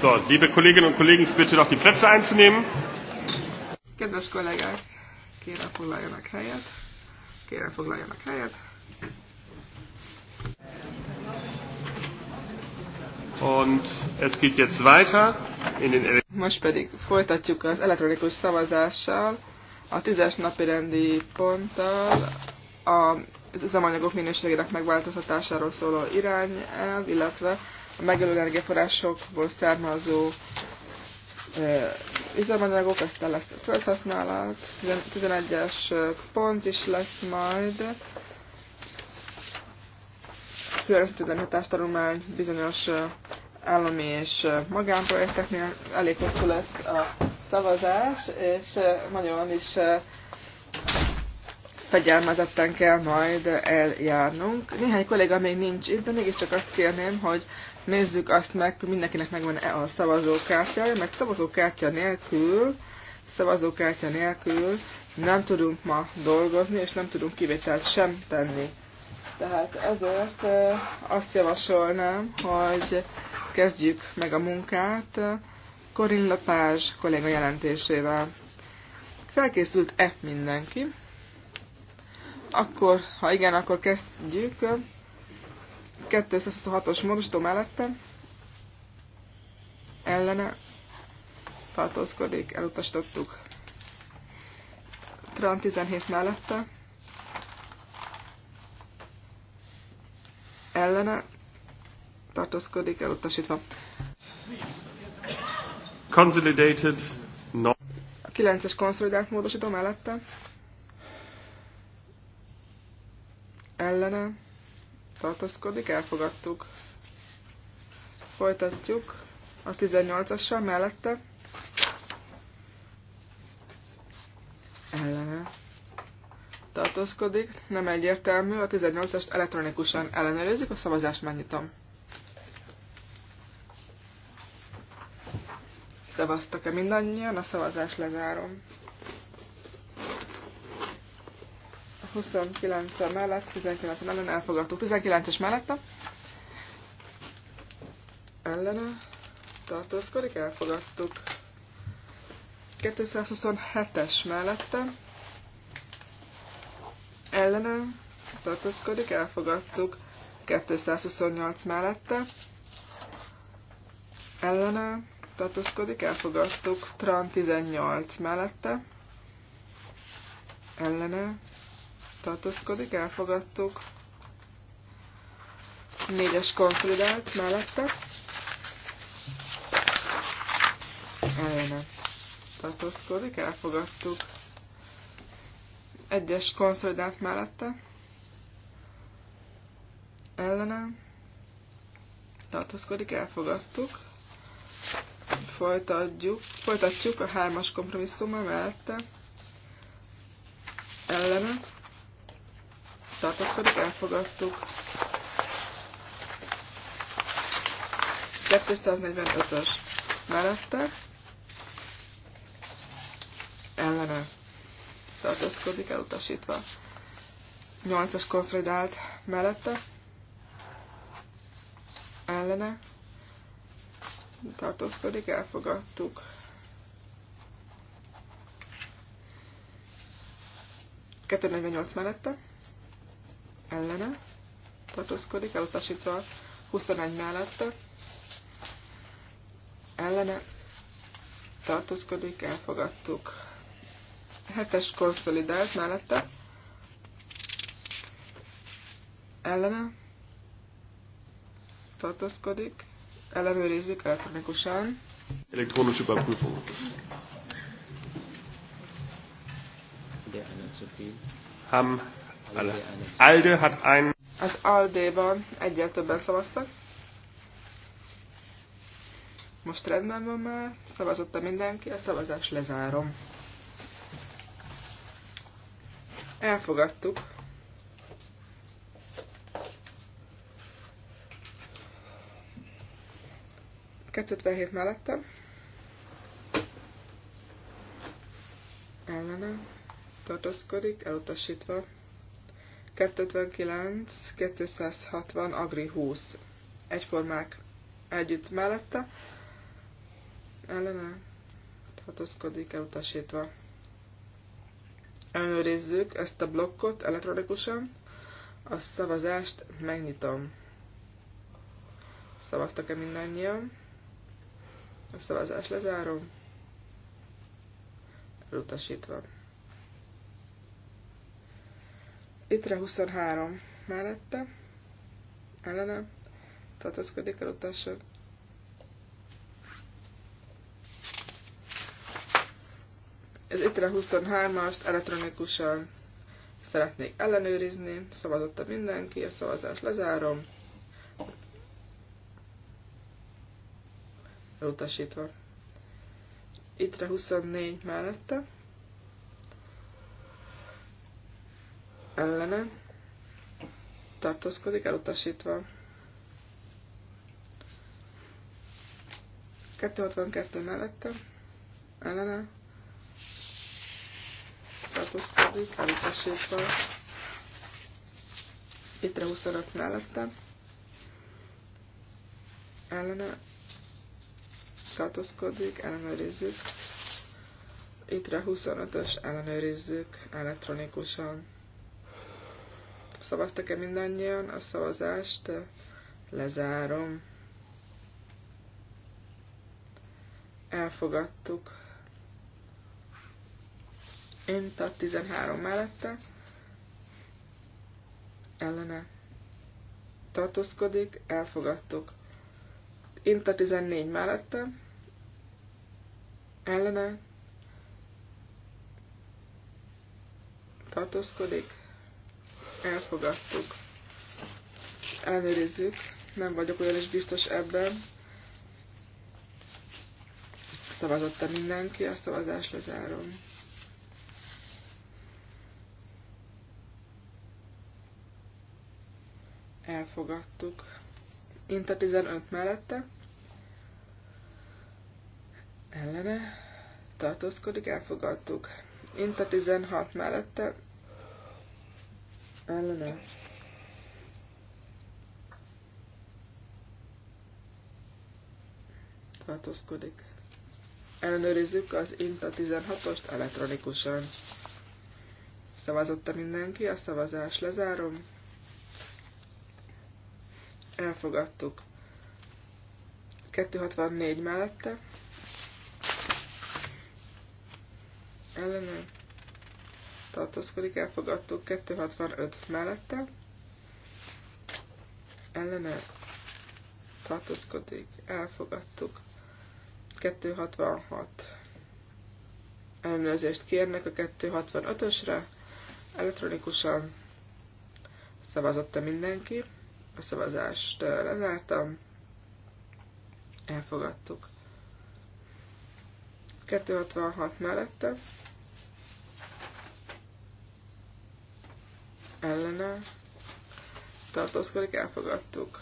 So, liebe Kolleginnen und Kollegen, ich bitte doch die Plätze einzunehmen. Kedves kollégák, kérem foglaljanak helyet. Kérem foglaljanak helyet. Und es geht jetzt weiter in den Most pedig folytatjuk az elektronikus szavazással, a tízes napi rendi ponttal, az üzemanyagok minőségének megváltoztatásáról szóló irányelv, illetve megelő energiaforrásokból származó üzemanyagok, aztán lesz a földhasználat, 11-es pont is lesz majd, környezetvédelmi hatástanulmány bizonyos állami és magánprojekteknél elég hosszú lesz a szavazás, és nagyon is fegyelmezetten kell majd eljárnunk. Néhány kolléga még nincs itt, de mégiscsak azt kérném, hogy nézzük azt meg, hogy mindenkinek megvan-e a szavazókártyája, mert szavazókártya nélkül, szavazókártya nélkül nem tudunk ma dolgozni, és nem tudunk kivételt sem tenni. Tehát ezért azt javasolnám, hogy kezdjük meg a munkát Corin Lapázs kolléga jelentésével. Felkészült-e mindenki? Akkor, ha igen, akkor kezdjük. 226-os módosító mellette ellene tartózkodik, elutasítottuk. Tran 17 mellette ellene tartózkodik, elutasítva. Consolidated no. A 9-es konszolidált módosító mellette ellene tartózkodik, elfogadtuk. Folytatjuk a 18-assal mellette. Ellene tartózkodik, nem egyértelmű, a 18-ast elektronikusan ellenőrizzük, a szavazást megnyitom. Szavaztak-e mindannyian? A szavazást lezárom. 29 mellett, 19 ellen elfogadható. 19-es mellette. Ellene tartózkodik, elfogadtuk. 227-es mellette. Ellene tartózkodik, elfogadtuk. 228 mellette. Ellene tartózkodik, elfogadtuk. Tran 18 mellette. Ellene tartózkodik, elfogadtuk. Négyes konszolidált mellette. Ellene tartózkodik, elfogadtuk. Egyes konszolidált mellette. Ellene tartózkodik, elfogadtuk. Folytatjuk, folytatjuk a hármas kompromisszummal mellette. Ellene tartózkodik, elfogadtuk. 245-ös mellette ellene tartózkodik, elutasítva. 8-as konszolidált mellette ellene tartózkodik, elfogadtuk. 248 mellette ellene tartózkodik, elutasítva 21 mellette ellene tartózkodik, elfogadtuk. 7-es konszolidált mellette ellene tartózkodik, ellenőrizzük elektronikusan. Elektronikus überprüfung. Haben Alde hat ein... Az Aldéban egyel többen szavaztak. Most rendben van már, szavazott -e mindenki, a szavazás lezárom. Elfogadtuk. hét mellettem. Ellenem tartózkodik, elutasítva. 259, 260, Agri 20. Egyformák együtt mellette. Ellene hatoszkodik elutasítva. Ellenőrizzük ezt a blokkot elektronikusan. A szavazást megnyitom. Szavaztak-e mindannyian? A szavazást lezárom. Elutasítva. Ittre 23 mellette, ellene tartozkodik el elutasítva. Ez ittre 23-ast elektronikusan szeretnék ellenőrizni, szavazotta mindenki, a szavazást lezárom. Elutasítva. Ittre 24 mellette ellene tartózkodik, elutasítva. 262 mellette ellene tartózkodik, elutasítva. Ittre 25 mellette ellene tartózkodik, ellenőrizzük. Ittre 25-ös ellenőrizzük elektronikusan. Szavaztak-e mindannyian? A szavazást lezárom. Elfogadtuk. a 13 mellette. Ellene. Tartózkodik. Elfogadtuk. a 14 mellette. Ellene. Tartózkodik elfogadtuk. Elnőrizzük, nem vagyok olyan is biztos ebben. Szavazotta mindenki, a szavazás lezárom. Elfogadtuk. Inta 15 mellette. Ellene tartózkodik, elfogadtuk. Inta 16 mellette ellene tartózkodik. Ellenőrizzük az INTA 16-ost elektronikusan. Szavazotta mindenki, a szavazás lezárom. Elfogadtuk. 264 mellette. Ellenőr tartózkodik, elfogadtuk 265 mellette, ellene tartózkodik, elfogadtuk 266 ellenőrzést kérnek a 265-ösre, elektronikusan szavazott mindenki, a szavazást lezártam, elfogadtuk. 266 mellette, ellene tartózkodik, elfogadtuk.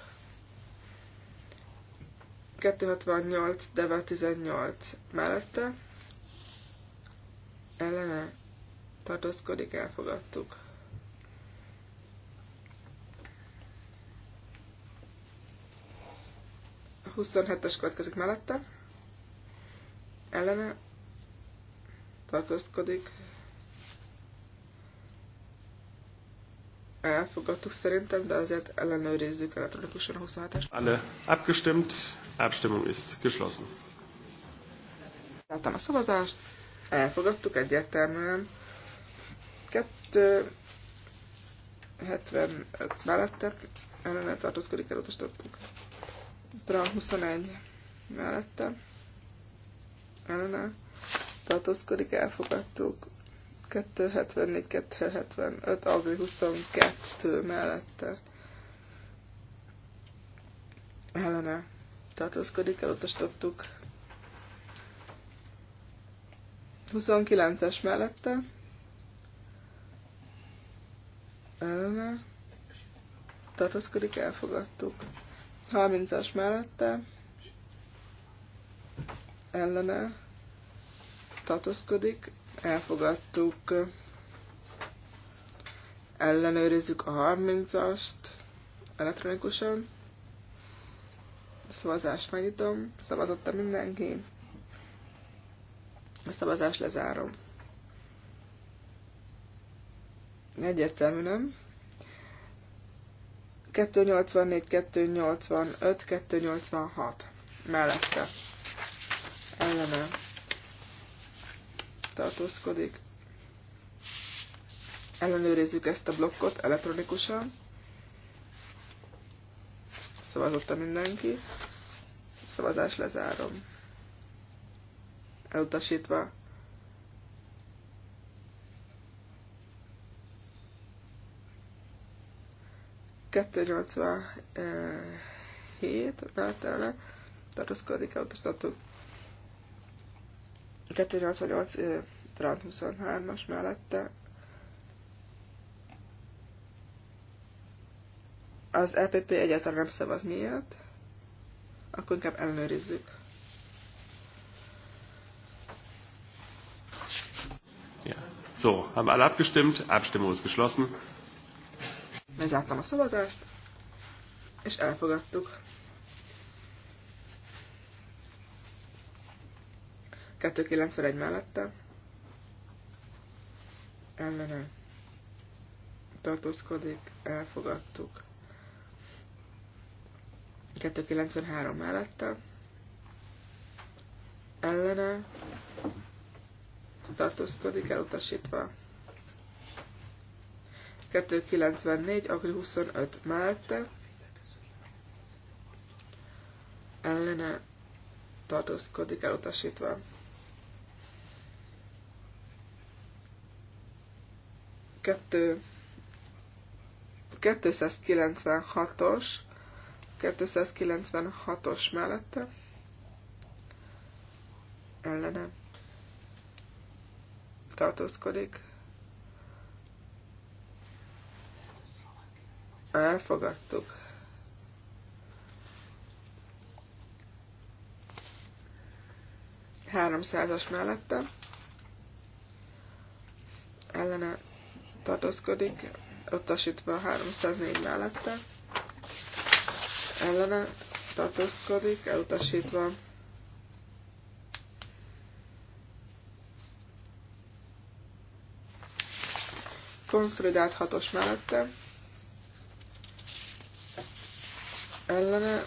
268, Deva 18 mellette ellene tartózkodik, elfogadtuk. A 27-es következik mellette, ellene tartózkodik, elfogadtuk szerintem, de azért ellenőrizzük elektronikusan a 27-est. Alle abgestimmt, Abstimmung ist geschlossen. Láttam a szavazást, elfogadtuk egyértelműen. 2 75 mellette ellene tartózkodik elutasítottuk. Tra 21 mellette ellene tartózkodik, elfogadtuk. 274-275, Agri 22 mellette ellene tartózkodik, elutasítottuk. 29-es mellette ellene tartózkodik, elfogadtuk. 30-as mellette ellene tartózkodik, elfogadtuk. Ellenőrizzük a 30-ast elektronikusan. A szavazást megnyitom. Szavazotta mindenki. A szavazást lezárom. Egyértelmű, nem? 284, 285, 286 mellette Ellenem tartózkodik. Ellenőrizzük ezt a blokkot elektronikusan. Szavazotta mindenki. Szavazás lezárom. Elutasítva. Kettő nyolcvan hét, tartózkodik, elutasítottuk. 288 Trant 23-as mellette az EPP egyáltalán nem szavaz miért, akkor inkább ellenőrizzük. Ja. So, haben alle abgestimmt, Abstimmung ist geschlossen. Lezártam a szavazást, és elfogadtuk. 291 mellette. Ellene tartózkodik, elfogadtuk. 293 mellette. Ellene tartózkodik, elutasítva. 294, Agri 25 mellette. Ellene tartózkodik, elutasítva. 296-os, 296-os mellette, ellene tartózkodik. Elfogadtuk. Háromszázas mellette ellene tartózkodik, utasítva 304 mellette, ellene tartózkodik, elutasítva konszolidált hatos mellette, ellene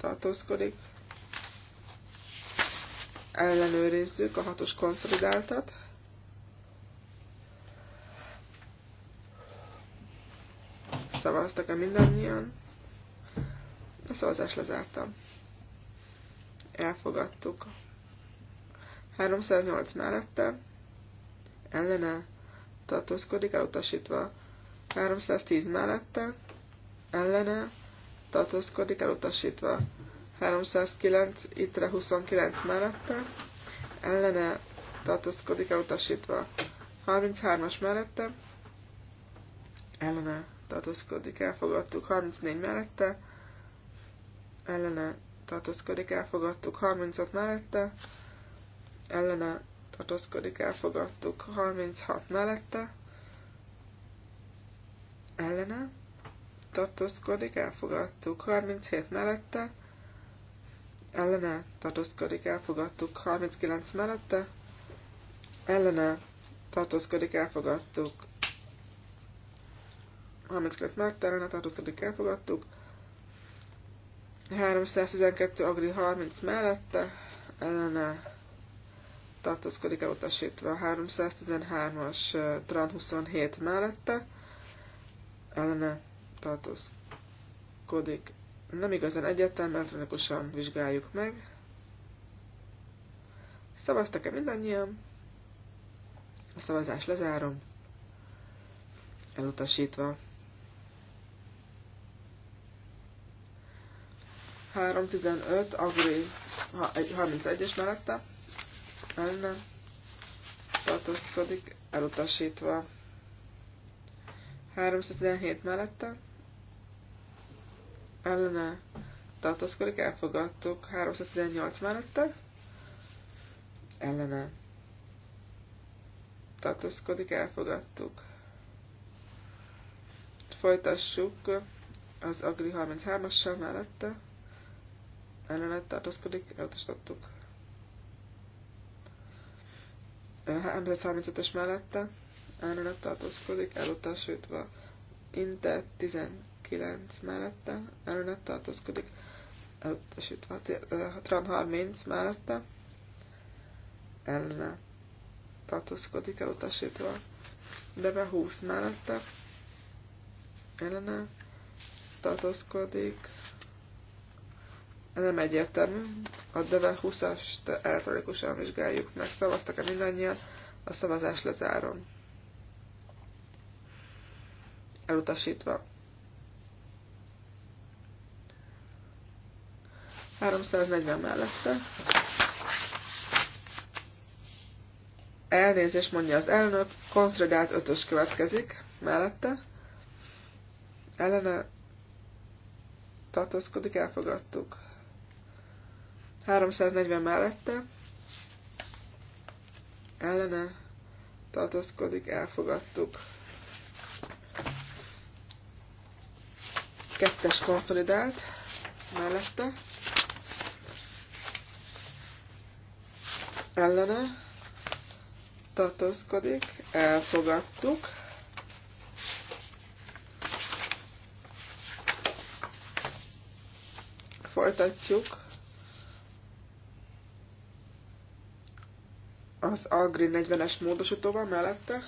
tartózkodik, ellenőrizzük a hatos konszolidáltat, Szavaztak-e mindannyian? A szavazás lezárta. Elfogadtuk. 308 mellette. Ellene tartózkodik, elutasítva. 310 mellette. Ellene tartózkodik, elutasítva. 309, ittre 29 mellette. Ellene tartózkodik, elutasítva. 33-as mellette. Ellene tartózkodik, elfogadtuk 34 mellette, ellene tartózkodik, elfogadtuk 35 mellette, ellene tartózkodik, elfogadtuk 36 mellette, ellene tartózkodik, elfogadtuk 37 mellette, ellene tartózkodik, elfogadtuk 39 mellette, ellene tartózkodik, elfogadtuk 39 mellette ellene tartózkodik, elfogadtuk. 312 Agri 30 mellette ellene tartózkodik elutasítva. 313-as Tran 27 mellette ellene tartózkodik. Nem igazán egyetem, elektronikusan vizsgáljuk meg. Szavaztak-e mindannyian? A szavazás lezárom. Elutasítva. 315, Agri 31-es mellette elne tartózkodik, elutasítva. 317 mellette ellene tartózkodik, elfogadtuk. 318 mellette ellene tartózkodik, elfogadtuk. Folytassuk az Agri 33-assal mellette ellenet tartózkodik, elutasítottuk. 335-ös mellette ellenet tartózkodik, elutasítva. Inte 19 mellette ellenet tartózkodik, elutasítva. Tram 30 mellette ellenet tartózkodik, elutasítva. Deve 20 mellette ellene tartózkodik, nem egyértelmű. A DEVE 20-ast elektronikusan vizsgáljuk meg. Szavaztak-e mindannyian? A szavazás lezárom. Elutasítva. 340 mellette. Elnézést mondja az elnök, konszolidált ötös következik mellette. Ellene tartózkodik, elfogadtuk. 340 mellette ellene tartozkodik, elfogadtuk. Kettes konszolidált mellette ellene tartozkodik, elfogadtuk. Folytatjuk az Agri 40-es módosítóval mellette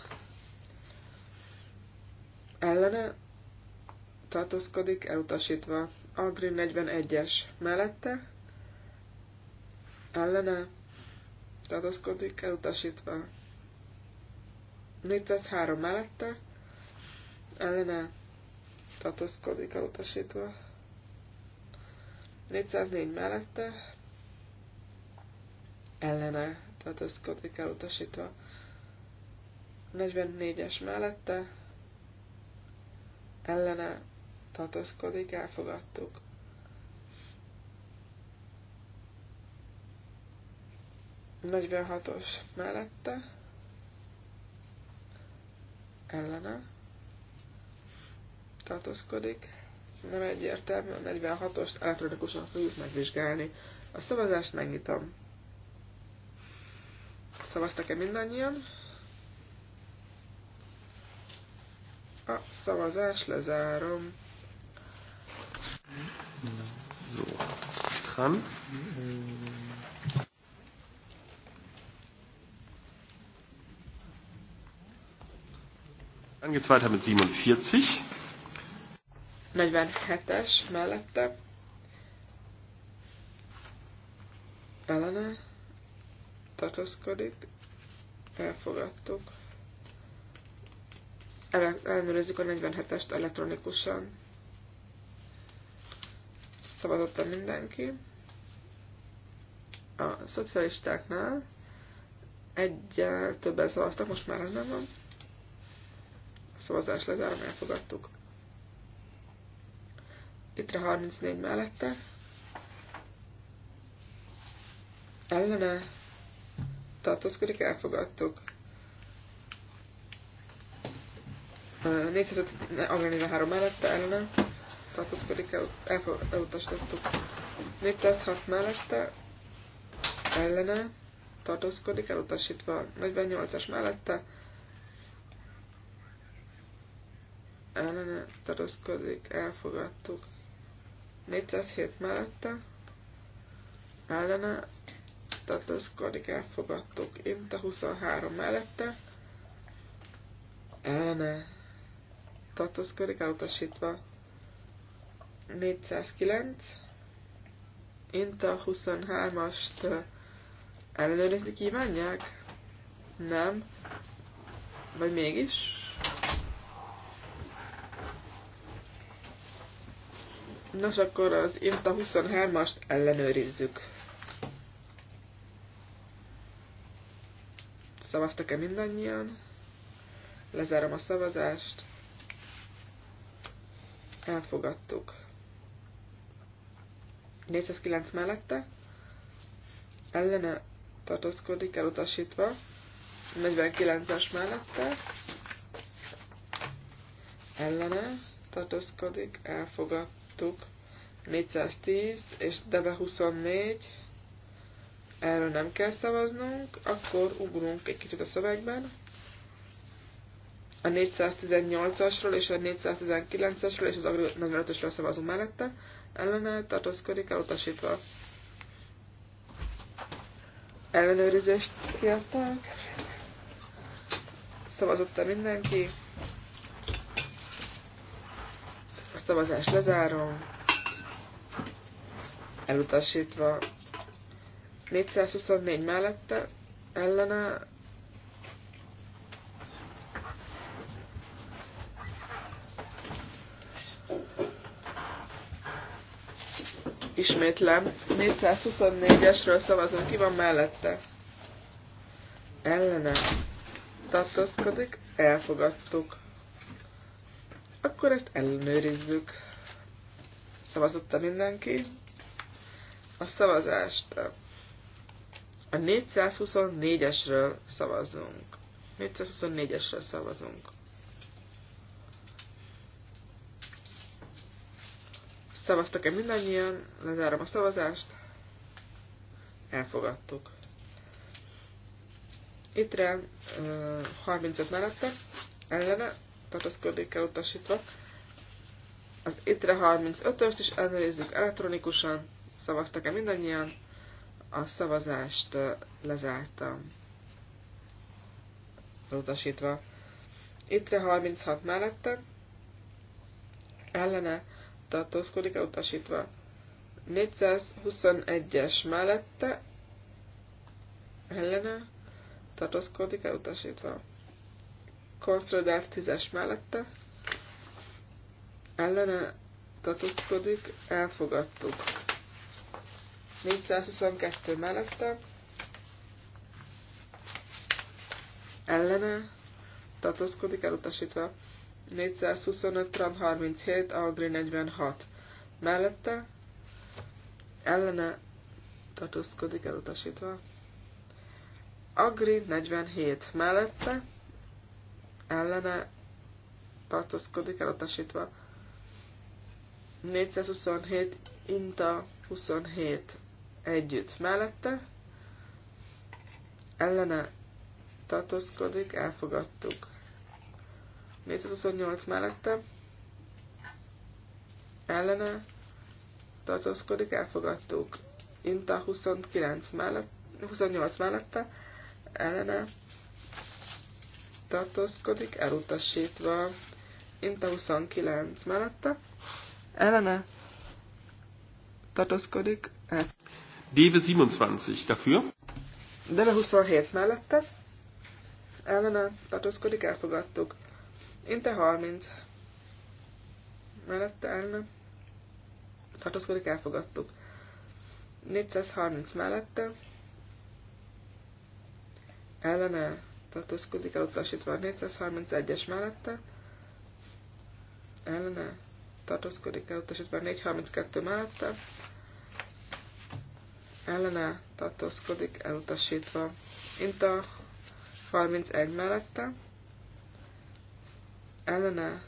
ellene tartózkodik, elutasítva. Agri 41-es mellette ellene tartózkodik, elutasítva. 403 mellette ellene tartózkodik, elutasítva. 404 mellette ellene tartózkodik elutasítva. 44-es mellette ellene tartózkodik, elfogadtuk. hatos mellette, ellene tartózkodik. Nem egyértelmű, a 46-ost elektronikusan fogjuk megvizsgálni. A szavazást megnyitom. Szavaztak-e mindannyian? A szavazás lezárom. So, dran. Dann geht's weiter mit 47. 47-es mellette. Ellene tartózkodik, elfogadtuk. Ele ellenőrizzük a 47-est elektronikusan. a mindenki. A szocialistáknál egyel többen szavaztak, most már rendben van. A szavazás lezárom, elfogadtuk. a 34 mellette. Ellene tartózkodik, elfogadtuk. 443 mellette ellene tartózkodik, el, el, elutasítottuk. 406 mellette ellene tartózkodik, elutasítva. 48-as mellette ellene tartózkodik, elfogadtuk. 407 mellette ellene tartózkodik, elfogadtuk. Én a 23 mellette, ellene tartózkodik, elutasítva. 409. Inta 23-ast ellenőrizni kívánják? Nem. Vagy mégis? Nos, akkor az Inta 23-ast ellenőrizzük. Szavaztak-e mindannyian? Lezárom a szavazást. Elfogadtuk. 409 mellette. Ellene tartózkodik, elutasítva. 49-es mellette. Ellene tartózkodik, elfogadtuk. 410 és Debe 24 Erről nem kell szavaznunk, akkor ugrunk egy kicsit a szövegben. A 418-asról és a 419-esről és az Agri 45-ösről szavazunk mellette. Ellene tartózkodik utasítva. Ellenőrizést kértek. Szavazott-e mindenki? A szavazást lezárom. Elutasítva 424 mellette ellene ismétlem, 424-esről szavazunk, ki van mellette? Ellene. Tartozkodik, elfogadtuk. Akkor ezt ellenőrizzük. Szavazott-e mindenki? A szavazást a 424-esről szavazunk. 424-esről szavazunk. Szavaztak-e mindannyian? Lezárom a szavazást. Elfogadtuk. Ittre 35 mellette, ellene, tartózkodik elutasítva. Az Itre 35-öst is ellenőrizzük elektronikusan. Szavaztak-e mindannyian? A szavazást lezártam. Elutasítva. Ittre 36 mellette. Ellene tartózkodik elutasítva. 421-es mellette. Ellene tartózkodik elutasítva. Konszolidált 10-es mellette. Ellene tartózkodik, elfogadtuk. 422 mellette ellene tartózkodik elutasítva. 425 tran 37, Agri 46 mellette ellene tartózkodik elutasítva. Agri 47 mellette ellene tartózkodik elutasítva. 427 Inta 27 együtt mellette, ellene tartózkodik, elfogadtuk. 428 mellette, ellene tartózkodik, elfogadtuk. Inta 29 mellett, 28 mellette, ellene tartózkodik, elutasítva. Inta 29 mellette, ellene tartózkodik, elfogadtuk. Deve 27 dafür. Deve 27 mellette. Ellene tartózkodik, elfogadtuk. Inte 30. Mellette ellene tartózkodik, elfogadtuk. 430 mellette. Ellene tartózkodik, elutasítva. 431-es mellette. Ellene tartózkodik, elutasítva. 432 mellette ellene tartózkodik, elutasítva. Inta 31 mellette, ellene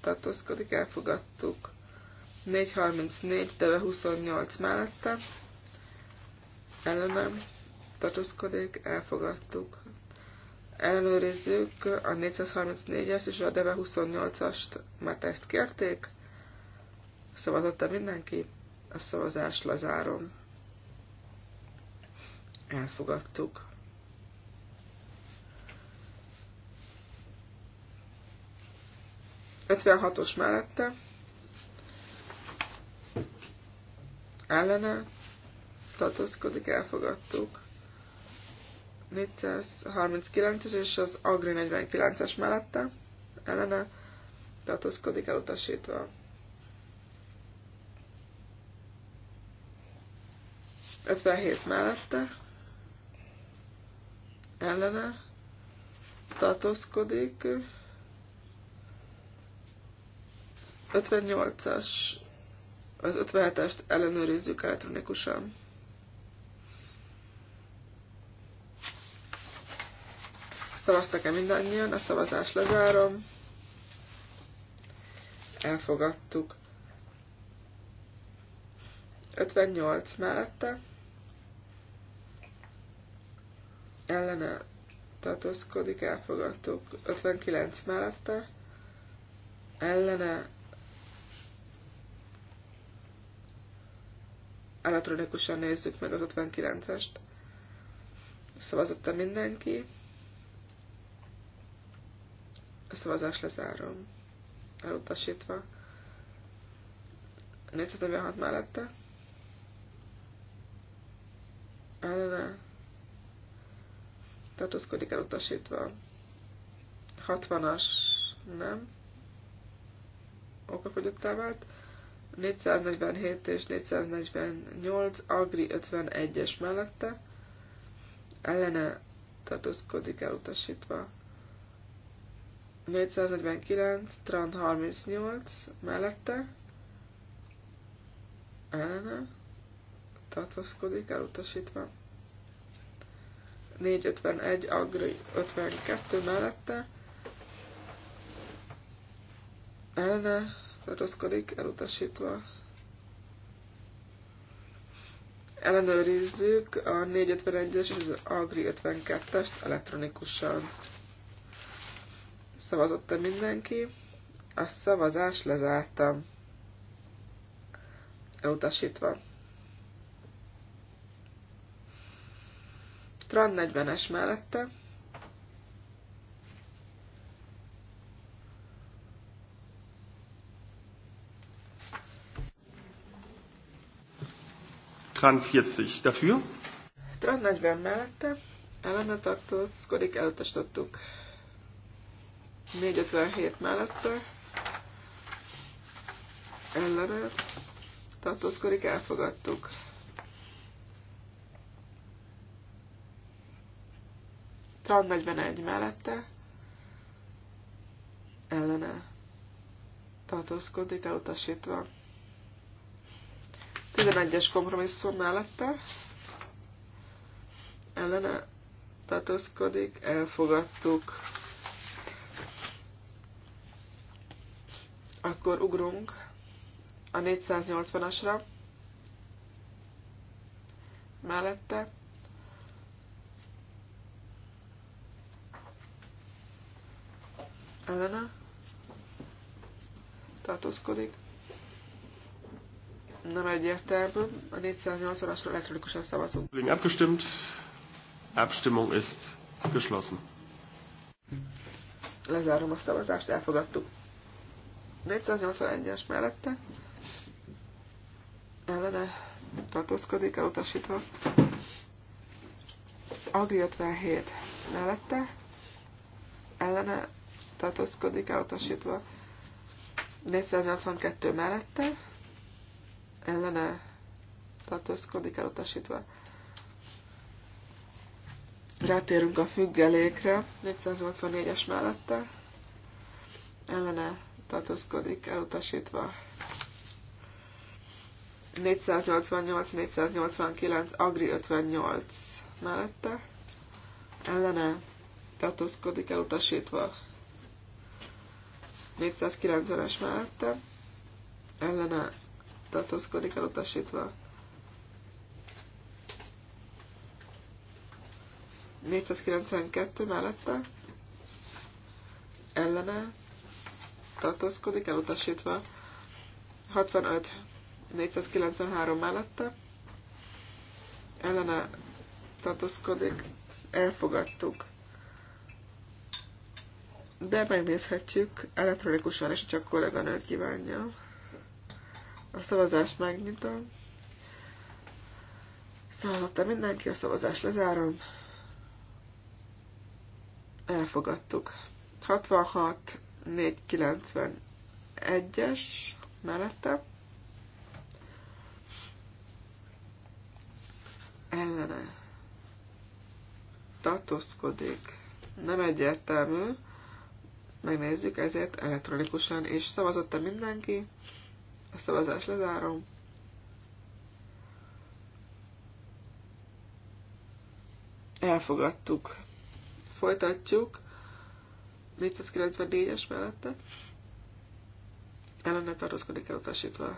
tartózkodik, elfogadtuk. 434, de 28 mellette, ellene tartózkodik, elfogadtuk. Ellenőrizzük a 434 es és a Deve 28-ast, mert ezt kérték. Szavazott-e mindenki? A szavazást lezárom elfogadtuk. Ötvenhatos mellette, ellene tartózkodik, elfogadtuk. 439-es és az Agri 49-es mellette ellene tartózkodik elutasítva. Ötvenhét mellette ellene tartózkodik. 58-as, az 57-est ellenőrizzük elektronikusan. Szavaztak-e mindannyian? A szavazás lezárom. Elfogadtuk. 58 mellette ellene tartózkodik, elfogadtuk. 59 mellette ellene elektronikusan nézzük meg az 59-est. Szavazott-e mindenki? A szavazás lezárom. Elutasítva. 446 mellette. Ellene tartózkodik elutasítva. 60-as nem. Okafogyottá vált. 447 és 448, Agri 51-es mellette. Ellene tartózkodik elutasítva. 449, Trant 38 mellette. Ellene tartózkodik elutasítva. 451, Agri 52 mellette. Elne tartozkodik, elutasítva. Ellenőrizzük a 451-es és az Agri 52-est elektronikusan. Szavazott-e mindenki? A szavazás lezártam. Elutasítva. Tran 40-es mellette. Tran 40 dafür. Tran 40 mellette. Ellene szkodik elutasítottuk. 457 mellette. Ellene tartózkodik, elfogadtuk. benne egy mellette ellene tartózkodik, elutasítva. 11-es kompromisszum mellette ellene tartózkodik, elfogadtuk. Akkor ugrunk a 480-asra mellette ellene tartózkodik. Nem egyértelmű. A 480-asra elektronikusan szavazunk. Abgestimmt. Abstimmung ist geschlossen. Lezárom a szavazást, elfogadtuk. 481-es mellette ellene tartózkodik, elutasítva. Agri 57 mellette ellene tartózkodik, elutasítva. 482 mellette, ellene tartózkodik, elutasítva. Rátérünk a függelékre, 484-es mellette, ellene tartózkodik, elutasítva. 488-489, Agri 58 mellette, ellene tartózkodik, elutasítva. 490-es mellette ellene tartózkodik elutasítva. 492 mellette ellene tartózkodik elutasítva. 65 493 mellette ellene tartózkodik, elfogadtuk de megnézhetjük elektronikusan, és csak kolléganő kívánja. A szavazást megnyitom. Szavazotta mindenki, a szavazást lezárom. Elfogadtuk. 66 491-es mellette. Ellene. Tartózkodik. Nem egyértelmű. Megnézzük ezért elektronikusan, és szavazott-e mindenki? A szavazást lezárom. Elfogadtuk. Folytatjuk. 494-es mellette. Ellene tartózkodik utasítva.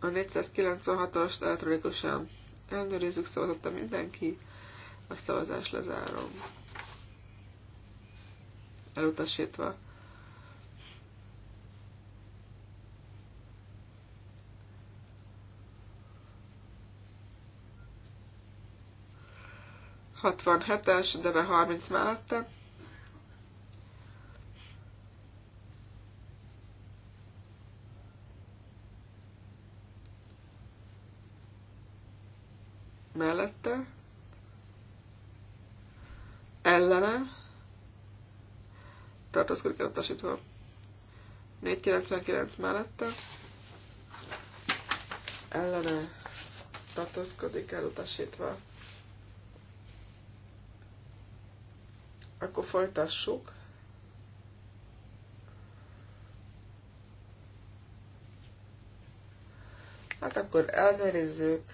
A 496-ost elektronikusan elnőrizzük, szavazott-e mindenki? A szavazást lezárom elutasítva. Hatvan hetes, be harminc mellette tartózkodik elutasítva. 499 mellette ellene tartózkodik elutasítva. Akkor folytassuk. Hát akkor elnőrizzük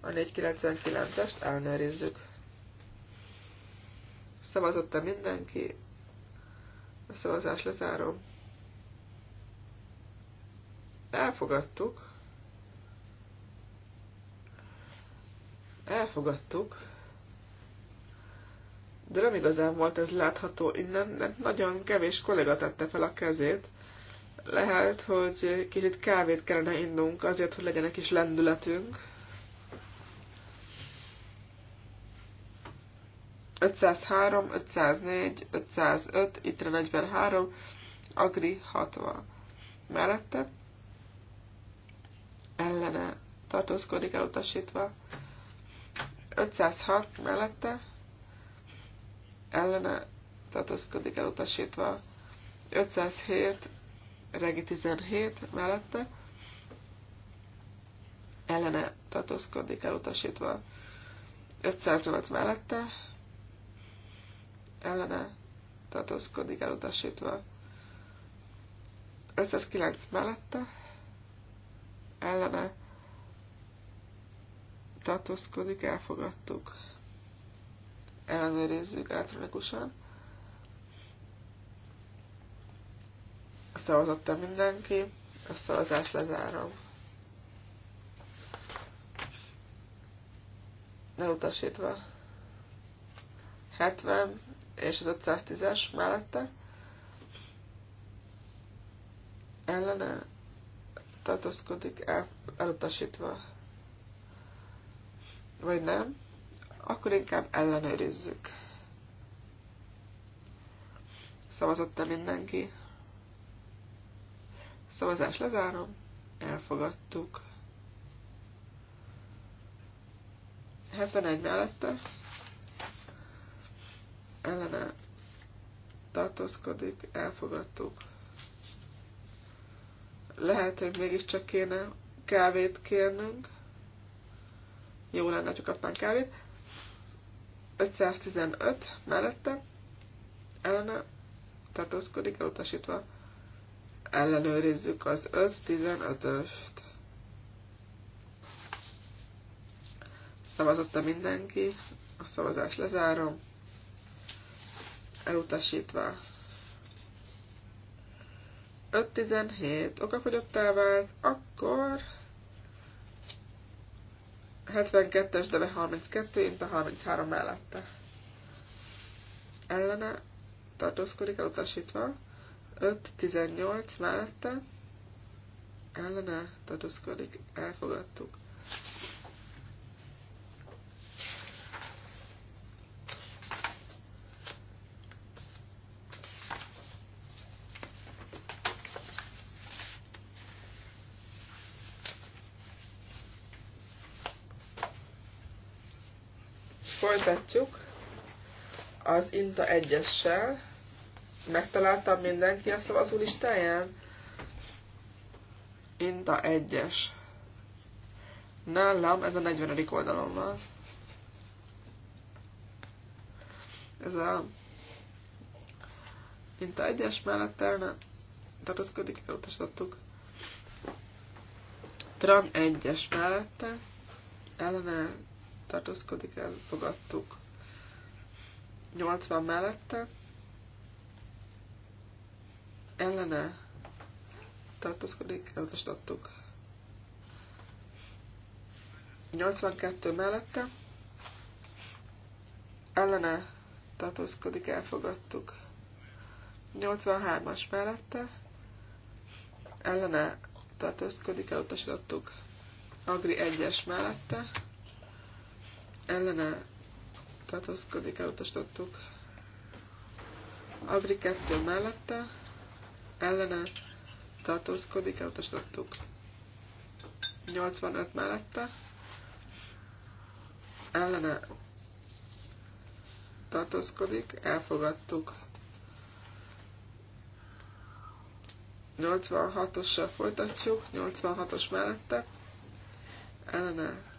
a 499-est, elnőrizzük. Szavazott-e mindenki? A szavazás lezárom. Elfogadtuk. Elfogadtuk. De nem igazán volt ez látható innen, mert nagyon kevés kollega tette fel a kezét. Lehet, hogy kicsit kávét kellene innunk azért, hogy legyenek is lendületünk. 503, 504, 505, ittre 43, agri 60. Mellette ellene tartózkodik elutasítva. 506 mellette ellene tartózkodik elutasítva. 507 regi 17 mellette ellene tartózkodik elutasítva. 508 mellette ellene tartózkodik elutasítva. 509 mellette ellene tartózkodik, elfogadtuk. Ellenőrizzük elektronikusan. Szavazotta mindenki, a szavazást lezárom. Elutasítva. 70, és az 510-es mellette ellene tartózkodik el, elutasítva, vagy nem, akkor inkább ellenőrizzük. Szavazott e mindenki. Szavazás lezárom. Elfogadtuk. 71 mellette ellene tartózkodik, elfogadtuk. Lehet, hogy mégiscsak kéne kávét kérnünk. Jó lenne, csak kapnánk kávét. 515 mellette ellene tartózkodik, elutasítva. Ellenőrizzük az 515-öst. Szavazotta mindenki, a szavazás lezárom elutasítva. 5-17 okafogyottá vált, akkor 72-es, de 32, mint a 33 mellette. Ellene tartózkodik elutasítva, 5-18 mellette, ellene tartózkodik, elfogadtuk. az INTA 1-essel. Megtaláltam mindenki a szavazó listáján? INTA 1-es. Nálam ez a 40. oldalon van. Ez a INTA 1-es mellett elne tartozkodik, elutasítottuk. Tram 1-es mellette ellene tartózkodik, elfogadtuk. 80 mellette ellene tartózkodik, ezt adtuk. 82 mellette ellene tartózkodik, elfogadtuk. 83-as mellette ellene tartózkodik, elutasítottuk. Agri 1-es mellette ellene tartózkodik, elutasítottuk. Agri 2 mellette, ellene tartózkodik, elutasítottuk. 85 mellette, ellene tartózkodik, elfogadtuk. 86-ossal folytatjuk, 86-os mellette, ellene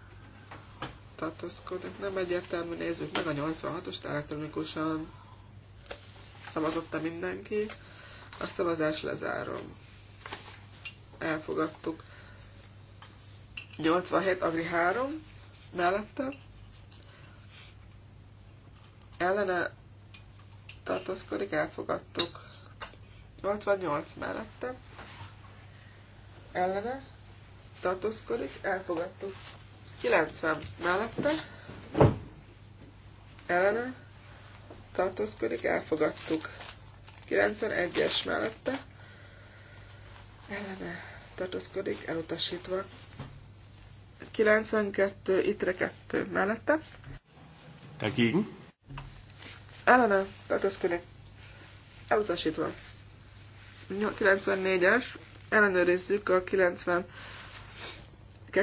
tartózkodnak, nem egyértelmű, nézzük meg a 86-ost elektronikusan. Szavazotta mindenki. A szavazás lezárom. Elfogadtuk. 87, Agri 3, mellette. Ellene tartózkodik, elfogadtuk. 88 mellette. Ellene tartózkodik, elfogadtuk. 90 mellette, ellene, tartózkodik, elfogadtuk. 91-es mellette, ellene, tartózkodik, elutasítva. 92, itre 2 mellette. Dagegen? Ellene, tartózkodik, elutasítva. 94-es, ellenőrizzük a 90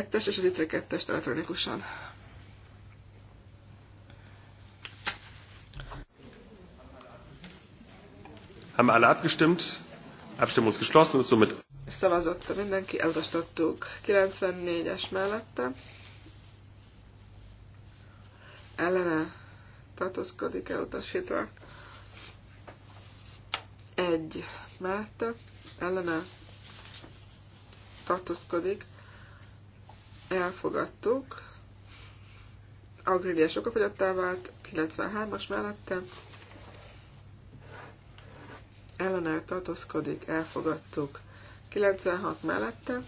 2-es és az ITRE 2-est elektronikusan. Haben alle abgestimmt? Abstimmung ist geschlossen und somit... Szavazott mindenki, elutasítottuk 94-es mellette. Ellene tartózkodik elutasítva. Egy mellette, ellene tartózkodik elfogadtuk. Agrilia sokafogyottá vált, 93-as mellette. Ellenel tartózkodik, elfogadtuk. 96 mellette.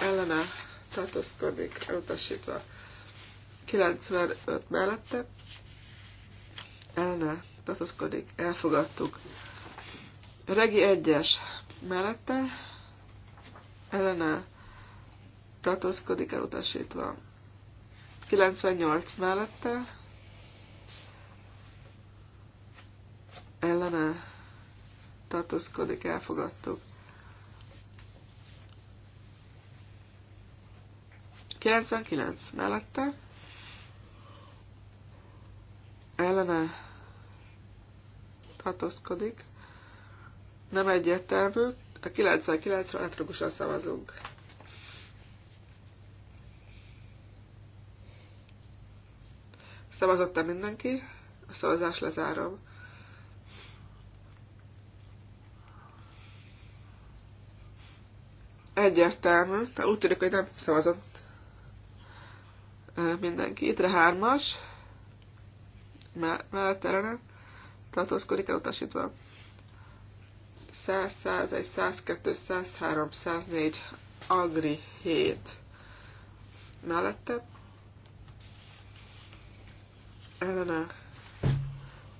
Ellene tartózkodik, elutasítva. 95 mellette. Ellene tartózkodik, elfogadtuk. Regi 1-es mellette. Ellene tartózkodik elutasítva. 98 mellette ellene tartózkodik, elfogadtuk. 99 mellette ellene tartózkodik. Nem egyértelmű. A 99-re elektrikusan szavazunk. Szavazott-e mindenki? A szavazás lezárom. Egyértelmű, tehát úgy tűnik, hogy nem szavazott mindenki. Itt hármas, mellett ellene tartózkodik elutasítva. 100, 101, 102, 103, 104, Agri 7 mellette ellene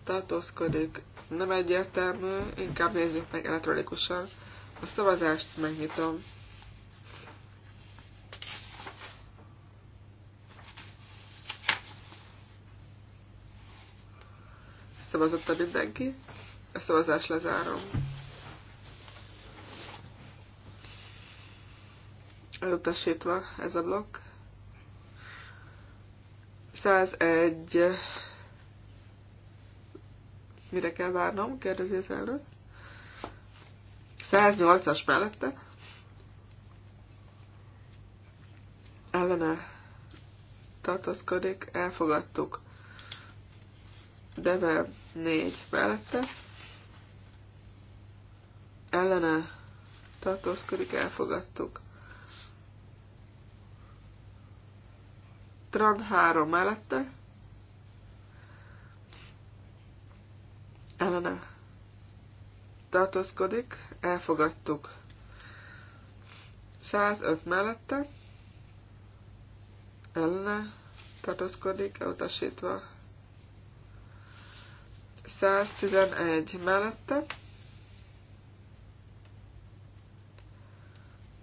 tartózkodik, nem egyértelmű, inkább nézzük meg elektronikusan. A szavazást megnyitom. a mindenki. A szavazás lezárom. Elutasítva ez a blokk. 101... Mire kell várnom? Kérdezi az elnök. 108-as mellette. Ellene tartozkodik, elfogadtuk. Deve 4 mellette. Ellene tartózkodik, elfogadtuk. Trag 3 mellette. Ellene tartózkodik, elfogadtuk. 105 mellette. Ellene tartózkodik, elutasítva. 111 mellette.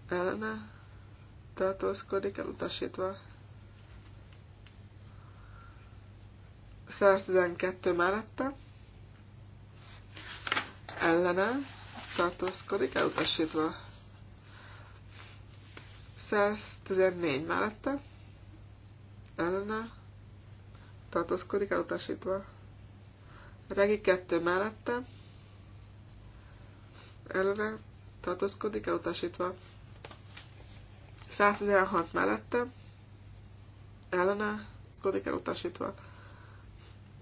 Ellene tartózkodik, elutasítva. 112 mellette ellene tartózkodik, elutasítva. 114 mellette ellene tartózkodik, elutasítva. Regi 2 mellette ellene tartózkodik, elutasítva. 116 mellette ellene tartózkodik, elutasítva.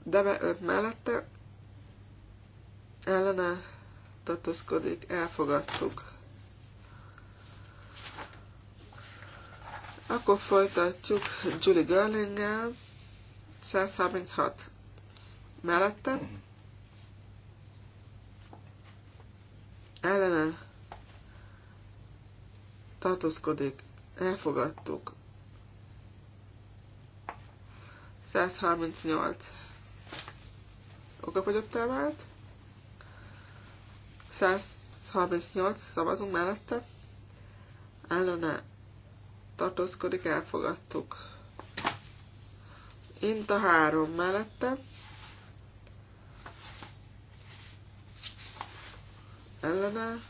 Deve 5 mellette ellene tartozkodik, elfogadtuk. Akkor folytatjuk Julie Görlinggel, 136 mellette. Ellene tartozkodik, elfogadtuk. 138 okafogyottá vált. 138 szavazunk mellette. Ellene tartózkodik, elfogadtuk. Int a három mellette. Ellene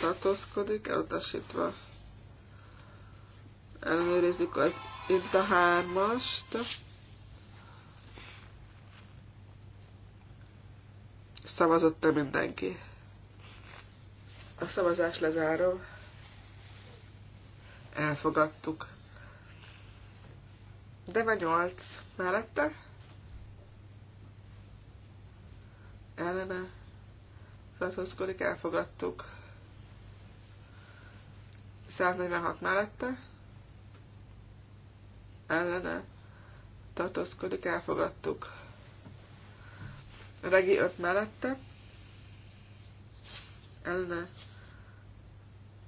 tartózkodik, elutasítva. Ellenőrizzük az Int a hármast. Szavazott-e mindenki? A szavazás lezárom. Elfogadtuk. Deve nyolc. mellette. Ellene. Tartózkodik, elfogadtuk. 146 mellette. Ellene. Tartózkodik, elfogadtuk. Regi 5 mellette. Elne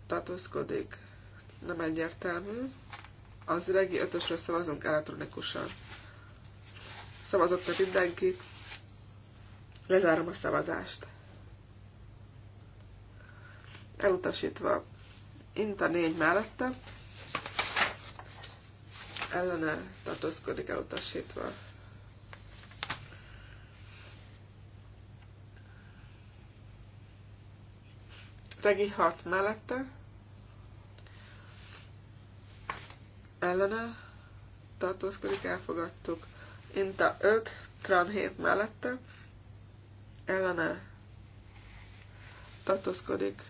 tartózkodik. Nem egyértelmű. Az Regi 5-ösről szavazunk elektronikusan. Szavazott mindenki. Lezárom a szavazást. Elutasítva. Inta 4 mellette ellene tartózkodik elutasítva. Regi 6 mellette. Ellene tartózkodik, elfogadtuk. Inta 5, Tran 7 mellette. Ellene tartózkodik.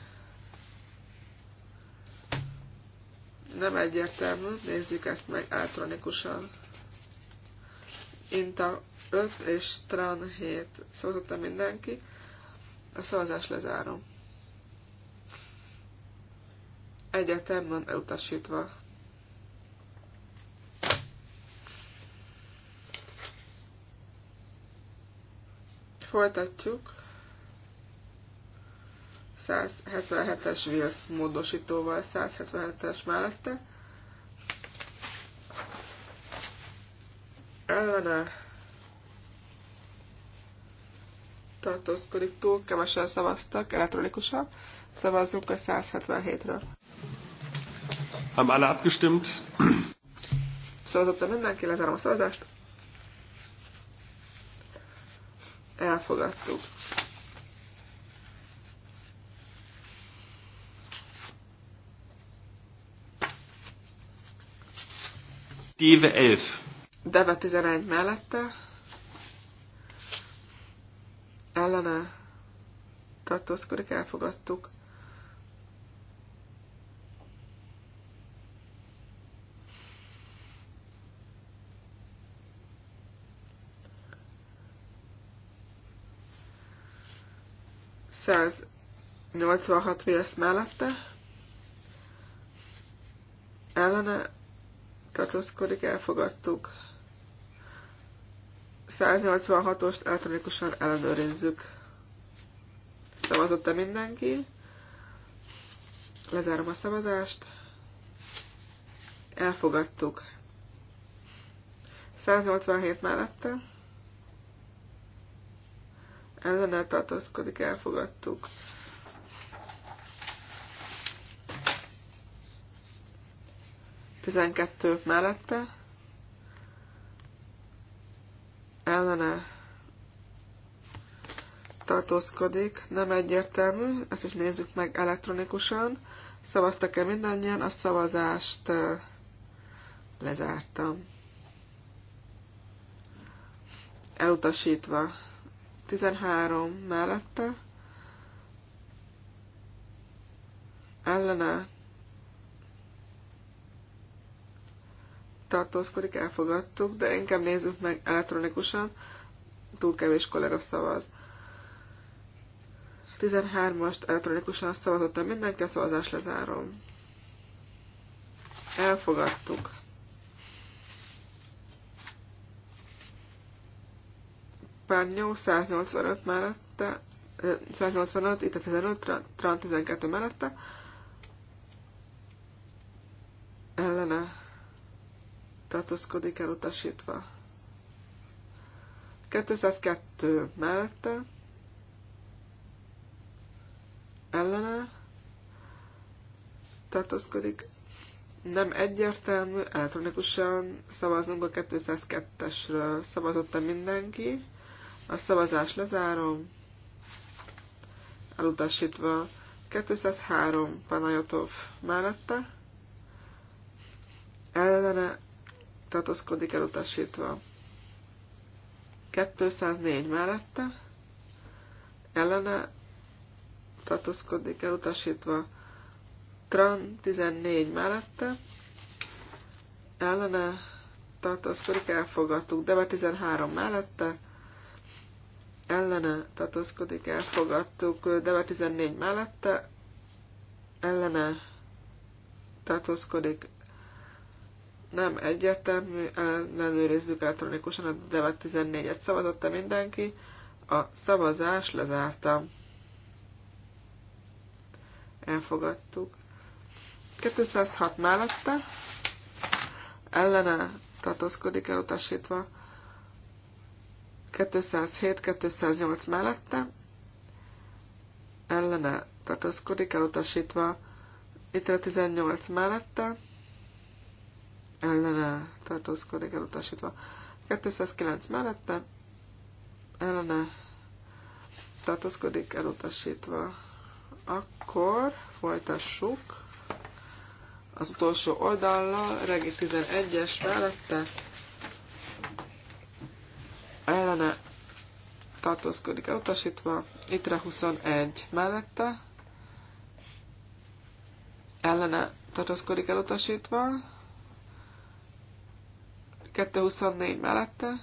Nem egyértelmű, nézzük ezt meg elektronikusan. Inta 5 és Tran 7. Szóltotta mindenki. A szavazást lezárom egyetemben elutasítva. Folytatjuk 177-es Wills módosítóval 177-es mellette. Ellene tartózkodik, túl kevesen szavaztak elektronikusan. Szavazzunk a 177-ről. Haben alle abgestimmt? Szavazotta mindenki, lezárom a szavazást. Elfogadtuk. Deve 11. Deve 11 mellette. Ellene tartózkodik, elfogadtuk. 286 vs. mellette ellene tartózkodik, elfogadtuk. 186-ost elektronikusan ellenőrizzük. Szavazott-e mindenki? Lezárom a szavazást. Elfogadtuk. 187 mellette ellene tartózkodik, elfogadtuk. Tizenkettő mellette, ellene tartózkodik, nem egyértelmű, ezt is nézzük meg elektronikusan. Szavaztak-e mindannyian? A szavazást lezártam. Elutasítva 13 mellette, ellene tartózkodik, elfogadtuk, de inkább nézzük meg elektronikusan, túl kevés kollega szavaz. 13-ast elektronikusan szavazottam mindenki, a szavazás lezárom. Elfogadtuk. Epernyó 185 mellette, 185, itt a 15, Tran 12 mellette, ellene tartózkodik elutasítva. 202 mellette, ellene tartózkodik. Nem egyértelmű, elektronikusan szavazunk a 202-esről. Szavazott-e mindenki? A szavazás lezárom. Elutasítva. 203 Panajotov mellette. Ellene tartózkodik elutasítva. 204 mellette. Ellene tartózkodik elutasítva. Tran 14 mellette. Ellene tartózkodik, elfogadtuk. Deve 13 mellette ellene tartózkodik, elfogadtuk, a 14 mellette, ellene tartózkodik, nem egyértelmű, ellenőrizzük elektronikusan a Deva 14-et. Szavazotta mindenki, a szavazás lezártam. Elfogadtuk. 206 mellette, ellene tartózkodik elutasítva, 207-208 mellette ellene tartózkodik, elutasítva Itre 18 mellette ellene tartózkodik, elutasítva 209 mellette ellene tartózkodik, elutasítva. Akkor folytassuk az utolsó oldallal, regi 11-es mellette ellene tartózkodik elutasítva, ittre 21 mellette, ellene tartózkodik elutasítva, 224 mellette,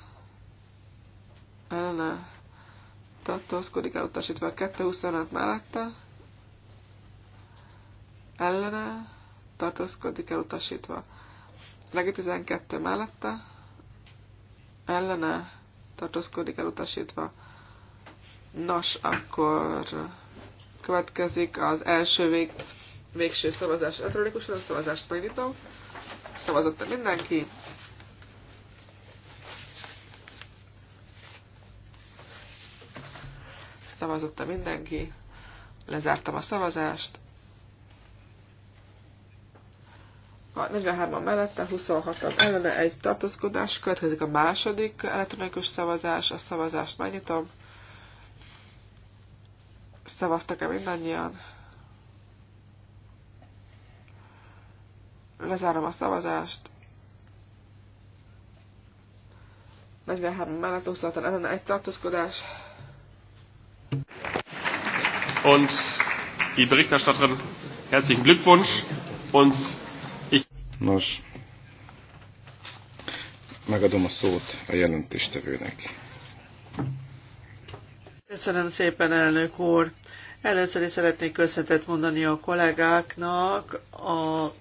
ellene tartózkodik elutasítva, 225 mellette, ellene tartózkodik elutasítva, legi 12 mellette, ellene tartózkodik elutasítva. Nos, akkor következik az első vég, végső szavazás elektronikusan, a szavazást megnyitom. Szavazott-e mindenki? Szavazott-e mindenki? Lezártam a szavazást. 43-an mellette, 26-an ellene egy tartózkodás. Következik a második elektronikus szavazás. A szavazást megnyitom. Szavaztak-e mindannyian? Lezárom a szavazást. 43 mellett 26 ellene egy tartózkodás. Und die Berichterstatterin herzlichen Glückwunsch. Uns Nos, megadom a szót a jelentéstevőnek. Köszönöm szépen, elnök úr! Először is szeretnék köszönetet mondani a kollégáknak a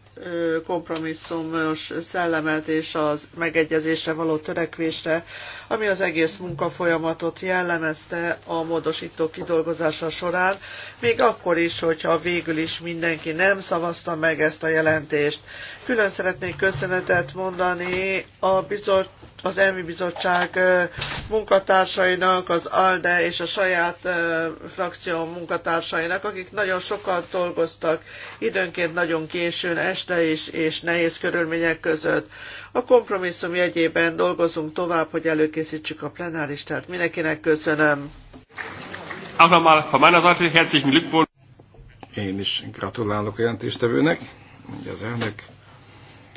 kompromisszumos szellemet és az megegyezésre való törekvésre, ami az egész munkafolyamatot jellemezte a módosító kidolgozása során, még akkor is, hogyha végül is mindenki nem szavazta meg ezt a jelentést. Külön szeretnék köszönetet mondani a bizot, az elmi bizottság munkatársainak, az ALDE és a saját frakció munkatársainak, akik nagyon sokat dolgoztak, időnként nagyon későn este, este is, és nehéz körülmények között. A kompromisszum jegyében dolgozunk tovább, hogy előkészítsük a plenáristát. Mindenkinek köszönöm. Én is gratulálok a jelentéstevőnek, mondja az elnök,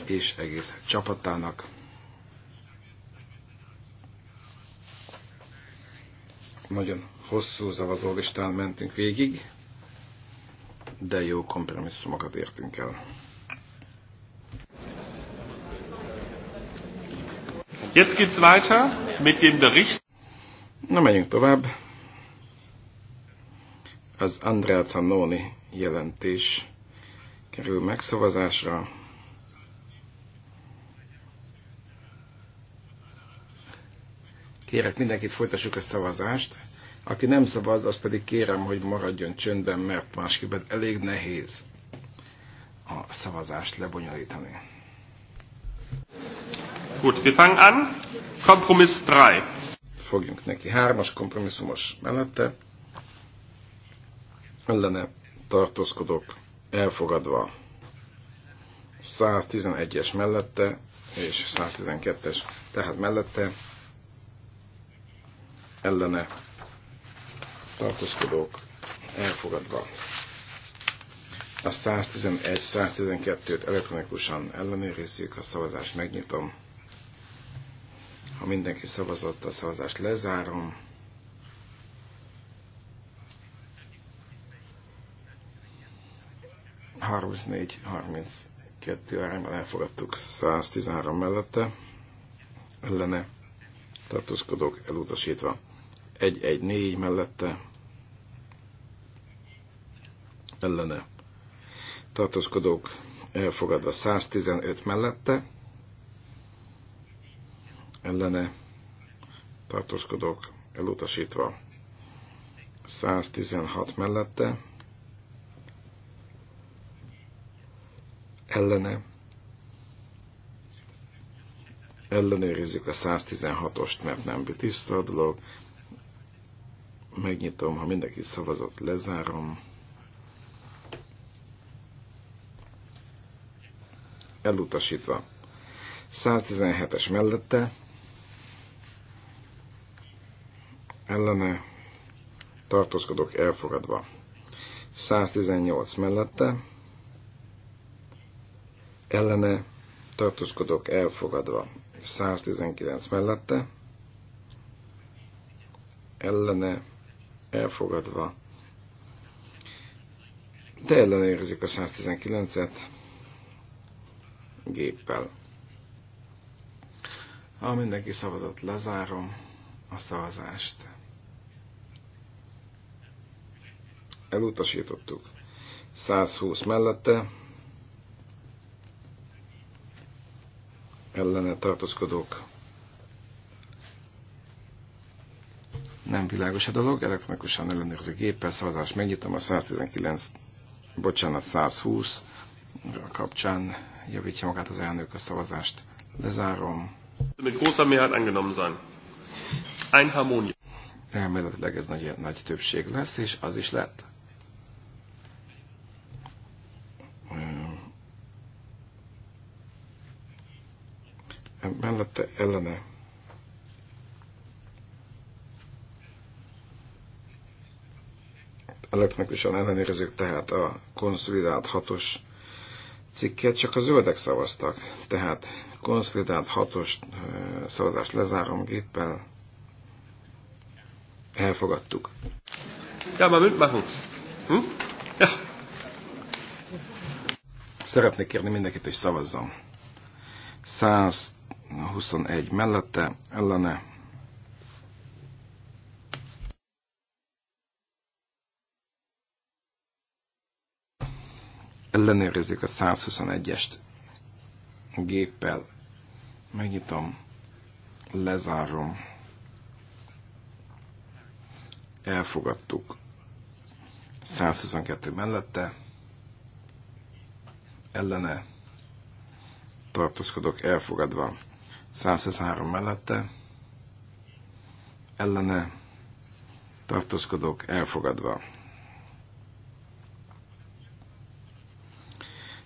és egész csapatának. Nagyon hosszú szavazólistán mentünk végig, de jó kompromisszumokat értünk el. Jetzt geht's weiter mit dem Bericht. Na, megyünk tovább. Az Andrea Zannoni jelentés kerül megszavazásra. Kérek mindenkit, folytassuk a szavazást. Aki nem szavaz, az pedig kérem, hogy maradjon csöndben, mert másképpen elég nehéz a szavazást lebonyolítani. Gut, wir fangen an. Kompromiss 3. Fogjunk neki. Hármas kompromisszumos mellette. Ellene tartózkodok elfogadva. 111-es mellette és 112-es, tehát mellette ellene tartózkodók elfogadva. A 111-112-t elektronikusan ellenőrizzük, a szavazást megnyitom. Ha mindenki szavazott, a szavazást lezárom. Harmincnégy, harminckettő arányban elfogadtuk 113 mellette, ellene tartózkodók elutasítva. Egy egy négy mellette, ellene tartózkodók elfogadva 115 mellette, ellene tartózkodók elutasítva 116 mellette, ellene ellenőrizzük a 116-ost, mert nem tiszta a dolog. Megnyitom, ha mindenki szavazott, lezárom. Elutasítva. 117-es mellette, ellene tartózkodok elfogadva. 118 mellette ellene tartózkodok elfogadva. 119 mellette ellene elfogadva. De ellenőrzik a 119-et géppel. Ha mindenki szavazott, lezárom a szavazást. elutasítottuk. 120 mellette ellene tartózkodók. Nem világos a dolog, elektronikusan ellenőrző géppel szavazás megnyitom a 119, bocsánat, 120 a kapcsán javítja magát az elnök a szavazást. Lezárom. Mit großer Mehrheit angenommen sein. Ein Harmonia. Elméletileg ez nagy, nagy többség lesz, és az is lett. mellette ellene elektronikusan ellenőrizzük tehát a konszolidált hatos cikket, csak a zöldek szavaztak. Tehát konszolidált hatos szavazást lezárom géppel. Elfogadtuk. Ja, már mit machen? Hm? Ja. Szeretnék kérni mindenkit, hogy szavazzon. 100 21 mellette, ellene ellenőrizzük a 121-est géppel. Megnyitom, lezárom. Elfogadtuk. 122 mellette. Ellene tartózkodok elfogadva. 123 mellette, ellene tartózkodók elfogadva.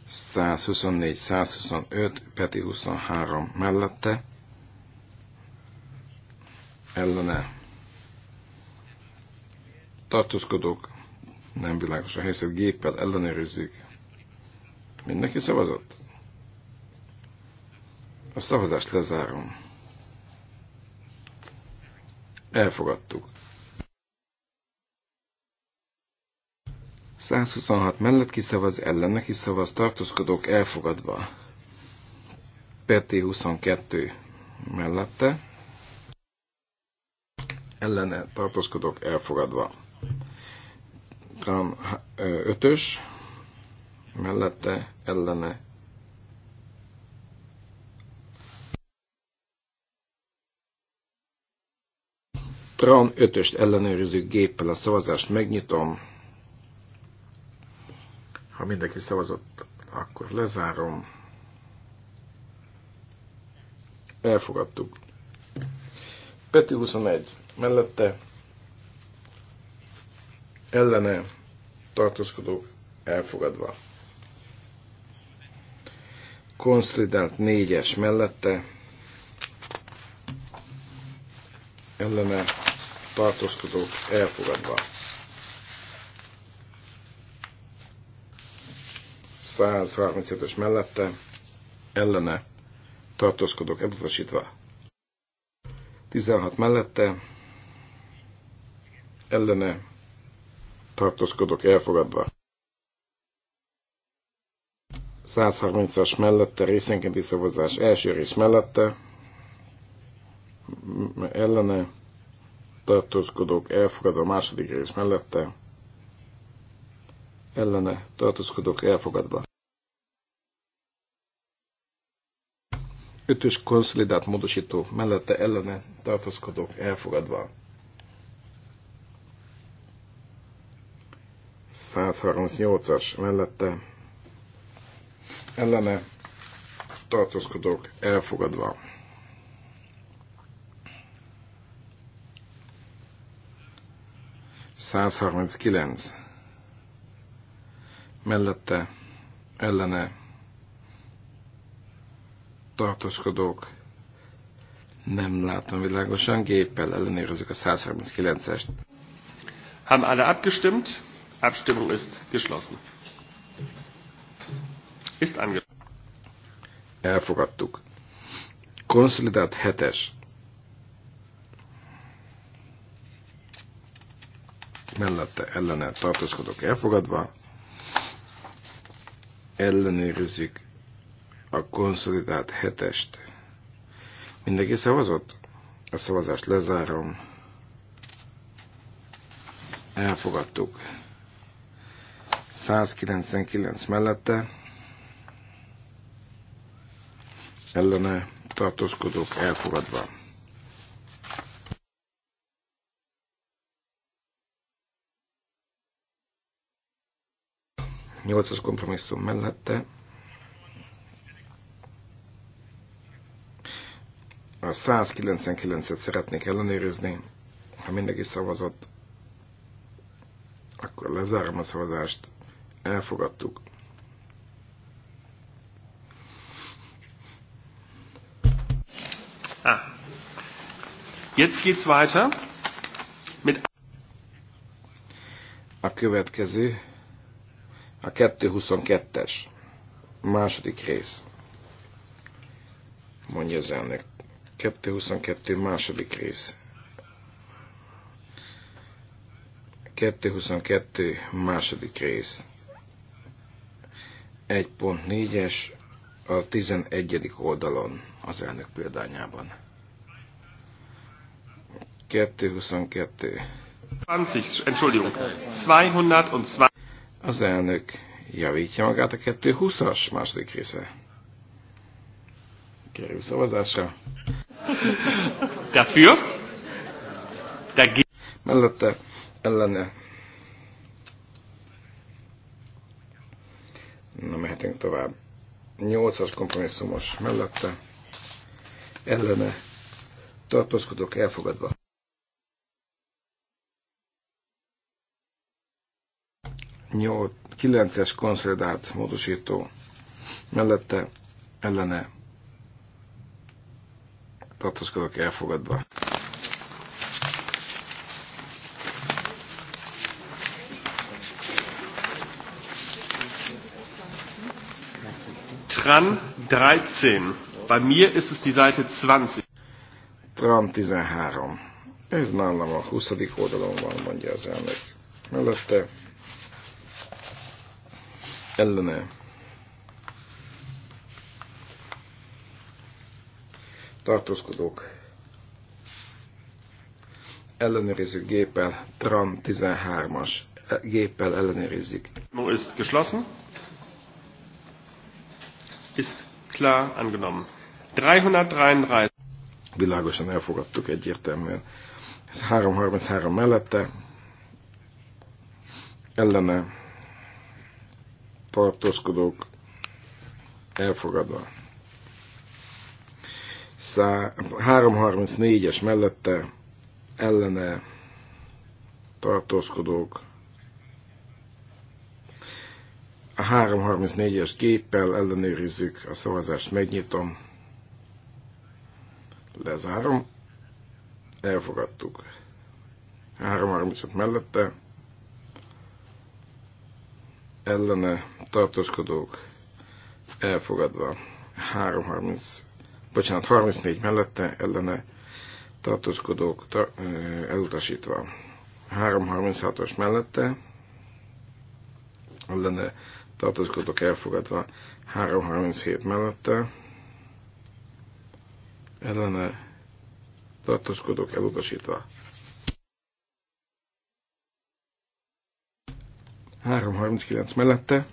124-125, Peti 23 mellette, ellene tartózkodók, nem világos a helyzet, géppel ellenőrizzük. Mindenki szavazott? A szavazást lezárom. Elfogadtuk. 126 mellett kiszavaz, ellene kiszavaz, tartózkodók elfogadva. Peti 22 mellette. Ellene tartózkodók elfogadva. Tran 5-ös mellette, ellene Tran 5-öst ellenőrző géppel a szavazást megnyitom. Ha mindenki szavazott, akkor lezárom. Elfogadtuk. Peti 21 mellette ellene tartózkodók elfogadva. Konszlidált 4-es mellette ellene tartózkodók elfogadva. 135-ös mellette ellene tartózkodók elutasítva. 16 mellette ellene tartózkodók elfogadva. 130-as mellette részenkénti szavazás első rész mellette ellene tartózkodók elfogadva a második rész mellette, ellene tartózkodók elfogadva. Ötös konszolidált módosító mellette ellene tartózkodók elfogadva. 138-as mellette ellene tartózkodók elfogadva. 139 mellette ellene tartózkodók nem látom világosan, géppel ellenőrzik a 139-est. Haben alle abgestimmt? Abstimmung ist geschlossen. Ist angenommen. Elfogadtuk. Konszolidált hetes. es mellette ellene tartózkodok elfogadva, ellenőrizzük a konszolidált hetest. Mindenki szavazott? A szavazást lezárom. Elfogadtuk. 199 mellette ellene tartózkodók elfogadva. 8-as kompromisszum mellette, a 199-et szeretnék ellenőrizni, ha mindenki szavazott, akkor lezárom a szavazást, elfogadtuk. Ah. Jetzt geht's weiter mit A következő a 222-es második rész. Mondja az elnök. 222 második rész. 222 második rész. 1.4-es a 11. oldalon az elnök példányában. 222. 20, Entschuldigung, 202. Az elnök javítja magát a 220-as második része. Kerül szavazásra. Te Dagegen? Mellette ellene. Na, mehetünk tovább. 8-as kompromisszumos mellette ellene tartózkodok elfogadva. 9-es konszolidált módosító mellette ellene tartozkodok elfogadva. Tram 13. Bei mir ist es die Seite 20. Tram 13. Ez nálam a 20. oldalon van, mondja az elnök. Mellette ellene tartózkodók ellenőriző géppel, Tram 13-as e, géppel ellenőrizik. Mo ist geschlossen. Ist klar angenommen. 333. Világosan elfogadtuk egyértelműen. 333 mellette ellene tartózkodók elfogadva. 334-es mellette ellene tartózkodók a 334-es géppel ellenőrizzük, a szavazást megnyitom, lezárom, elfogadtuk. 335 mellette, ellene tartózkodók elfogadva. 330, bocsánat, 34 mellette ellene tartózkodók tar, elutasítva. 336-os mellette ellene tartózkodók elfogadva. 337 mellette ellene tartózkodók elutasítva. 339 mellette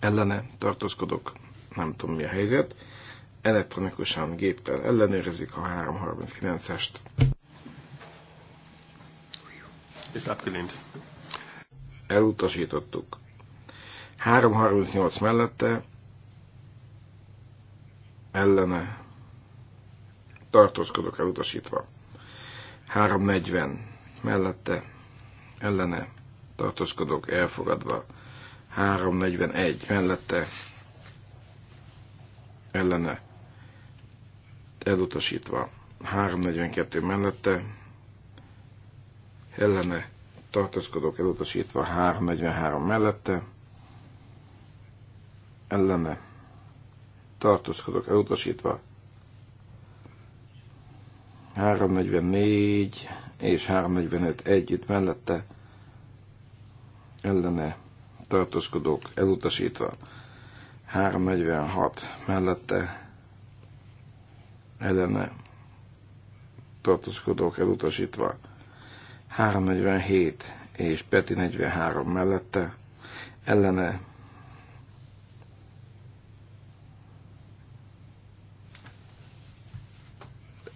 ellene tartózkodok, nem tudom mi a helyzet. Elektronikusan géptel ellenőrizik a 339-est. Elutasítottuk. 338 mellette ellene tartózkodok elutasítva. 340 mellette ellene tartózkodok elfogadva, 341 mellette ellene elutasítva, 342 mellette ellene tartózkodok elutasítva, 343 mellette ellene tartózkodok elutasítva, 344 és 345 együtt mellette ellene tartózkodók elutasítva, 346 mellette ellene tartózkodók elutasítva, 347 és Peti 43 mellette ellene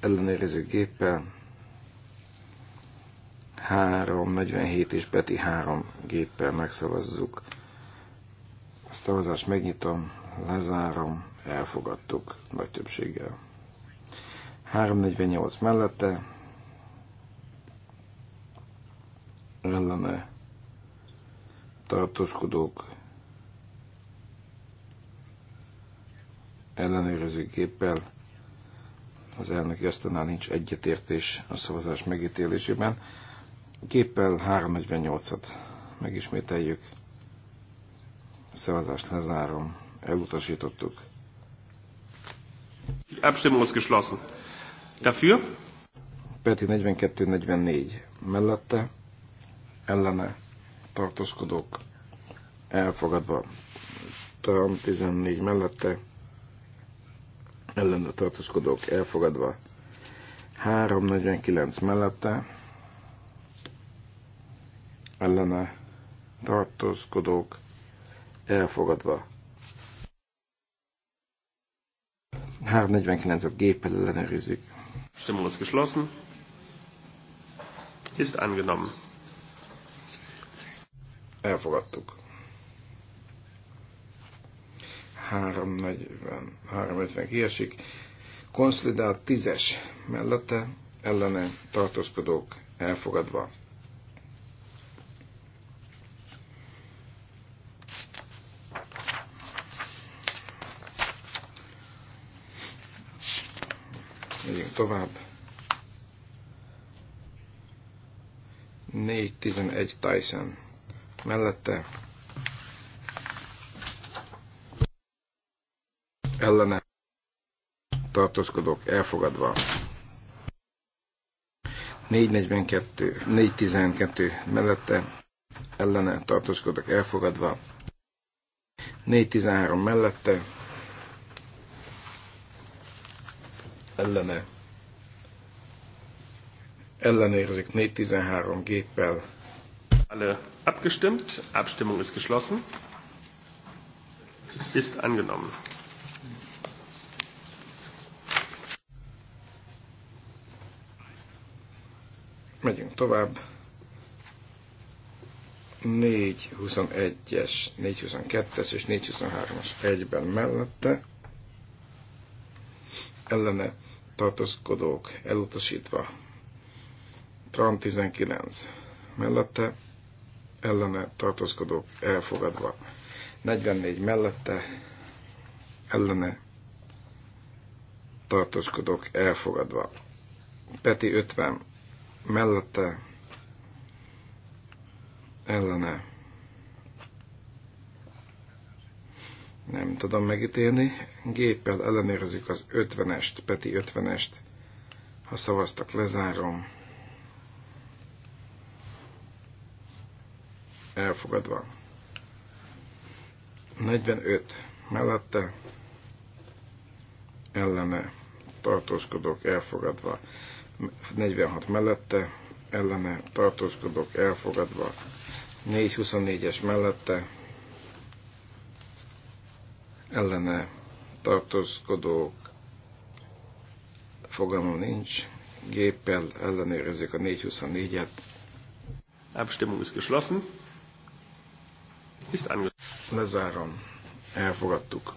ellenőrző géppel 347 és Beti 3 géppel megszavazzuk. A szavazást megnyitom, lezárom, elfogadtuk nagy többséggel. 348 mellette, ellene tartózkodók ellenőrző géppel az elnök asztalnál nincs egyetértés a szavazás megítélésében. Géppel 348-at megismételjük. Szavazást lezárom. Elutasítottuk. Abstimmung ist geschlossen. Dafür? Peti 42-44. Mellette, ellene, tartózkodók, elfogadva. Trump 14 mellette, ellene tartózkodók, elfogadva. 349 mellette, ellene tartózkodók elfogadva. 349-et géppel ellenőrizik. Stimmung ist geschlossen. Ist angenommen. Elfogadtuk. 340, 350 kiesik. Konszolidált 10-es mellette ellene tartózkodók elfogadva. tovább. 4-11 Tyson. Mellette ellene tartózkodók elfogadva. 442, 412 mellette ellene tartózkodók elfogadva. 413 mellette ellene ellenőrzik 413 géppel. Alle abgestimmt, Abstimmung ist geschlossen. Ist angenommen. Megyünk tovább. 421-es, 422-es és 423-as egyben mellette ellene tartózkodók elutasítva Trump 19 mellette, ellene tartózkodók elfogadva. 44 mellette, ellene tartózkodók elfogadva. Peti 50 mellette, ellene nem tudom megítélni. Géppel ellenőrzik az 50-est, Peti 50-est. Ha szavaztak, lezárom. elfogadva. 45 mellette ellene tartózkodok elfogadva. 46 mellette ellene tartózkodok elfogadva. 424-es mellette ellene tartózkodók fogalma nincs. Géppel ellenőrizzük a 424-et. Abstimmung ist geschlossen. Lezárom. Elfogadtuk.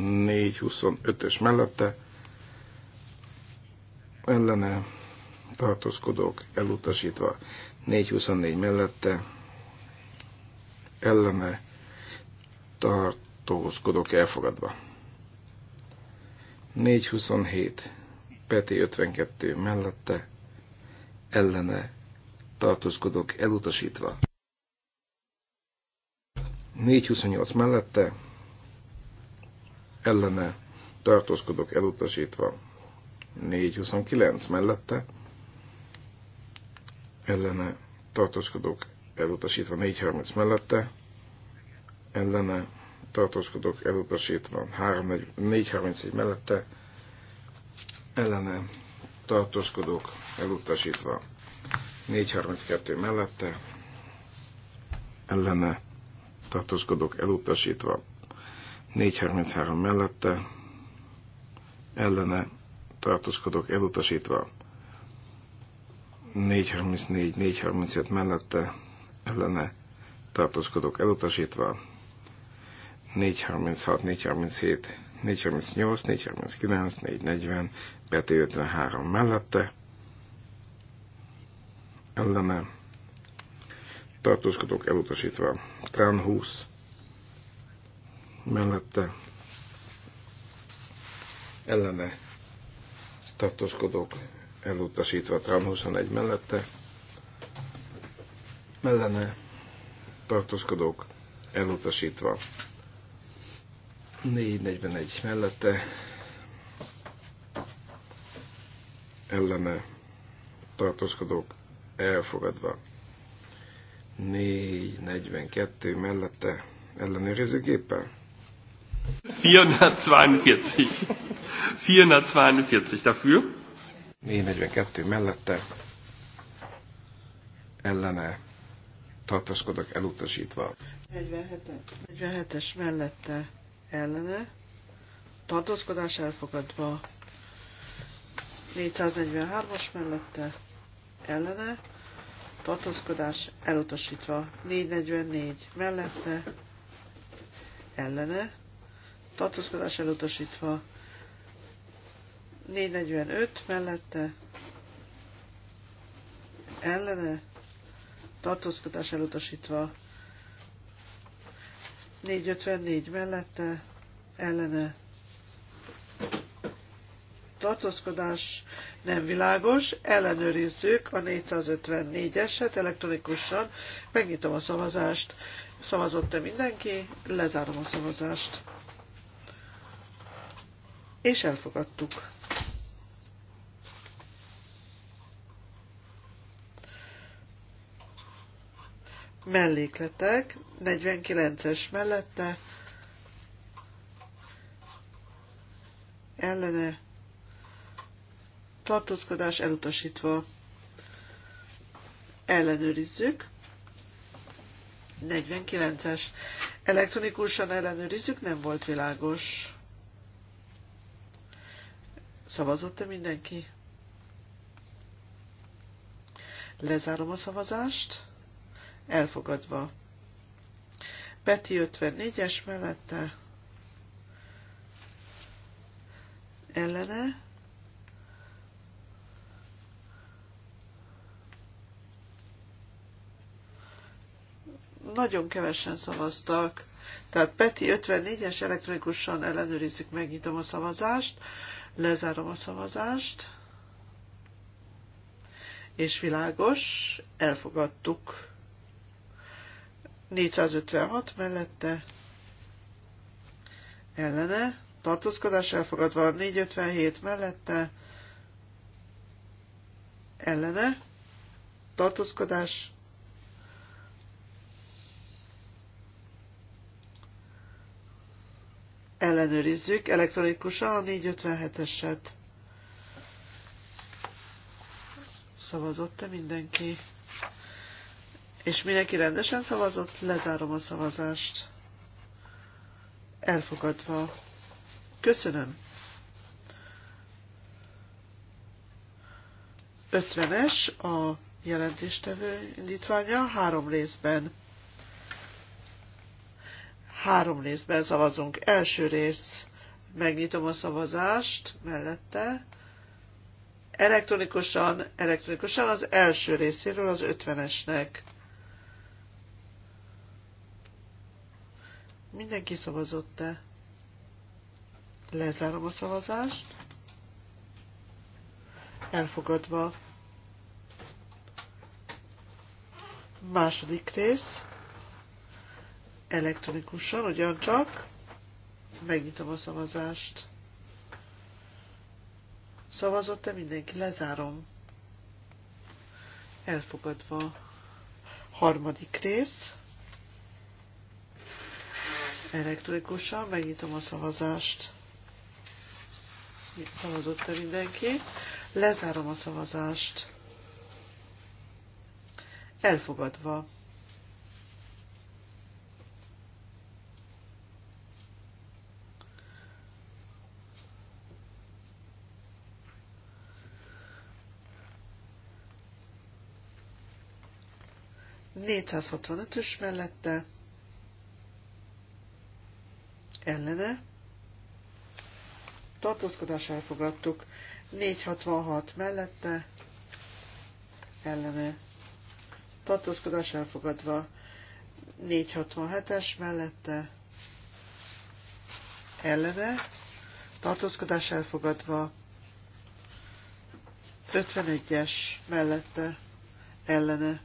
4.25-ös mellette ellene tartózkodók elutasítva 4.24 mellette ellene tartózkodók elfogadva 4.27 Peti 52 mellette ellene tartózkodók elutasítva 428 mellette ellene tartózkodok elutasítva. 429 mellette ellene tartózkodok elutasítva. 430 mellette ellene tartózkodok elutasítva. 431 mellette ellene tartózkodok elutasítva. 432 mellette ellene tartózkodók elutasítva. 433 mellette ellene tartózkodók elutasítva. 434, 435 mellette ellene tartózkodók elutasítva. 436, 437, 438, 439, 440, Peti 53 mellette ellene tartózkodók elutasítva. Bertrand 20 mellette ellene tartózkodók elutasítva Trán 21 mellette mellene tartózkodók elutasítva 441 mellette ellene tartózkodók elfogadva 442 mellette ellenőrző géppel? 442. 442 dafür. 442 mellette ellene tartaskodok elutasítva. 47-es mellette ellene tartózkodás elfogadva. 443-as mellette ellene tartózkodás elutasítva 444 mellette ellene, tartózkodás elutasítva 445 mellette ellene, tartózkodás elutasítva 454 mellette ellene, tartózkodás nem világos, ellenőrizzük a 454-eset elektronikusan, megnyitom a szavazást, szavazott-e mindenki, lezárom a szavazást. És elfogadtuk. Mellékletek, 49-es mellette, ellene tartózkodás elutasítva. Ellenőrizzük. 49-es. Elektronikusan ellenőrizzük, nem volt világos. Szavazott-e mindenki? Lezárom a szavazást. Elfogadva. Peti 54-es mellette. Ellene nagyon kevesen szavaztak. Tehát Peti 54-es elektronikusan ellenőrizzük, megnyitom a szavazást, lezárom a szavazást, és világos, elfogadtuk. 456 mellette ellene, tartózkodás elfogadva, 457 mellette ellene, tartózkodás ellenőrizzük elektronikusan a 457-eset. Szavazott-e mindenki? És mindenki rendesen szavazott, lezárom a szavazást. Elfogadva. Köszönöm. 50-es a jelentéstevő indítványa három részben. Három részben szavazunk. Első rész, megnyitom a szavazást mellette. Elektronikusan, elektronikusan az első részéről az 50-esnek. Mindenki szavazott-e? Lezárom a szavazást. Elfogadva. Második rész elektronikusan, ugyancsak megnyitom a szavazást. Szavazott-e mindenki? Lezárom. Elfogadva. Harmadik rész. Elektronikusan megnyitom a szavazást. Szavazott-e mindenki? Lezárom a szavazást. Elfogadva. 465-ös mellette ellene tartózkodás elfogadtuk, 466 mellette ellene tartózkodás elfogadva, 467-es mellette ellene tartózkodás elfogadva, 51-es mellette ellene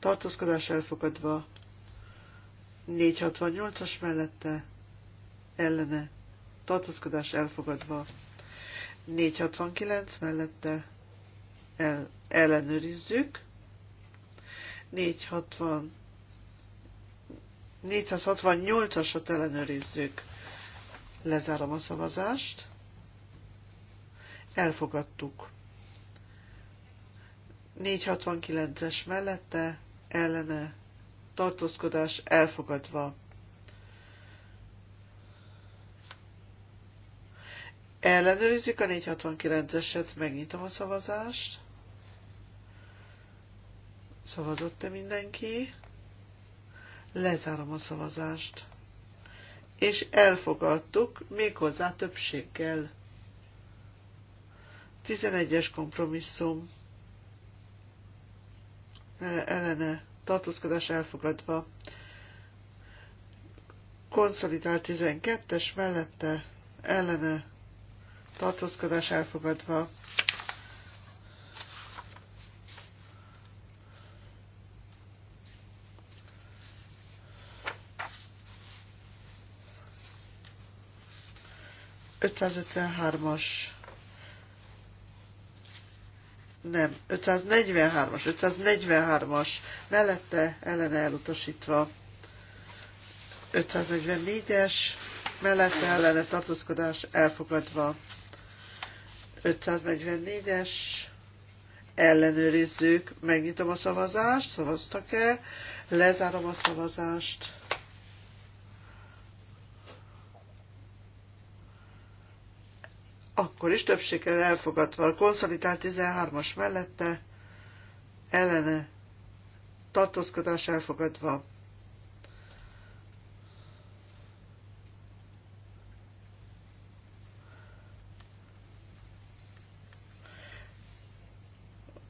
tartózkodás elfogadva, 468-as mellette, ellene, tartózkodás elfogadva, 469 mellette, el, ellenőrizzük, 460, 468-asot ellenőrizzük. Lezárom a szavazást. Elfogadtuk. 469-es mellette ellene tartózkodás elfogadva. Ellenőrizzük a 469-eset, megnyitom a szavazást. Szavazott-e mindenki? Lezárom a szavazást. És elfogadtuk, méghozzá többséggel. 11-es kompromisszum ellene tartózkodás elfogadva. Konszolidált 12-es mellette ellene tartózkodás elfogadva. Ötszázötvenhármas nem, 543-as, 543-as, mellette ellene elutasítva, 544-es, mellette ellene tartózkodás elfogadva, 544-es, ellenőrizzük, megnyitom a szavazást, szavaztak-e, lezárom a szavazást, akkor is többséggel elfogadva. A konszolidált 13-as mellette ellene tartózkodás elfogadva.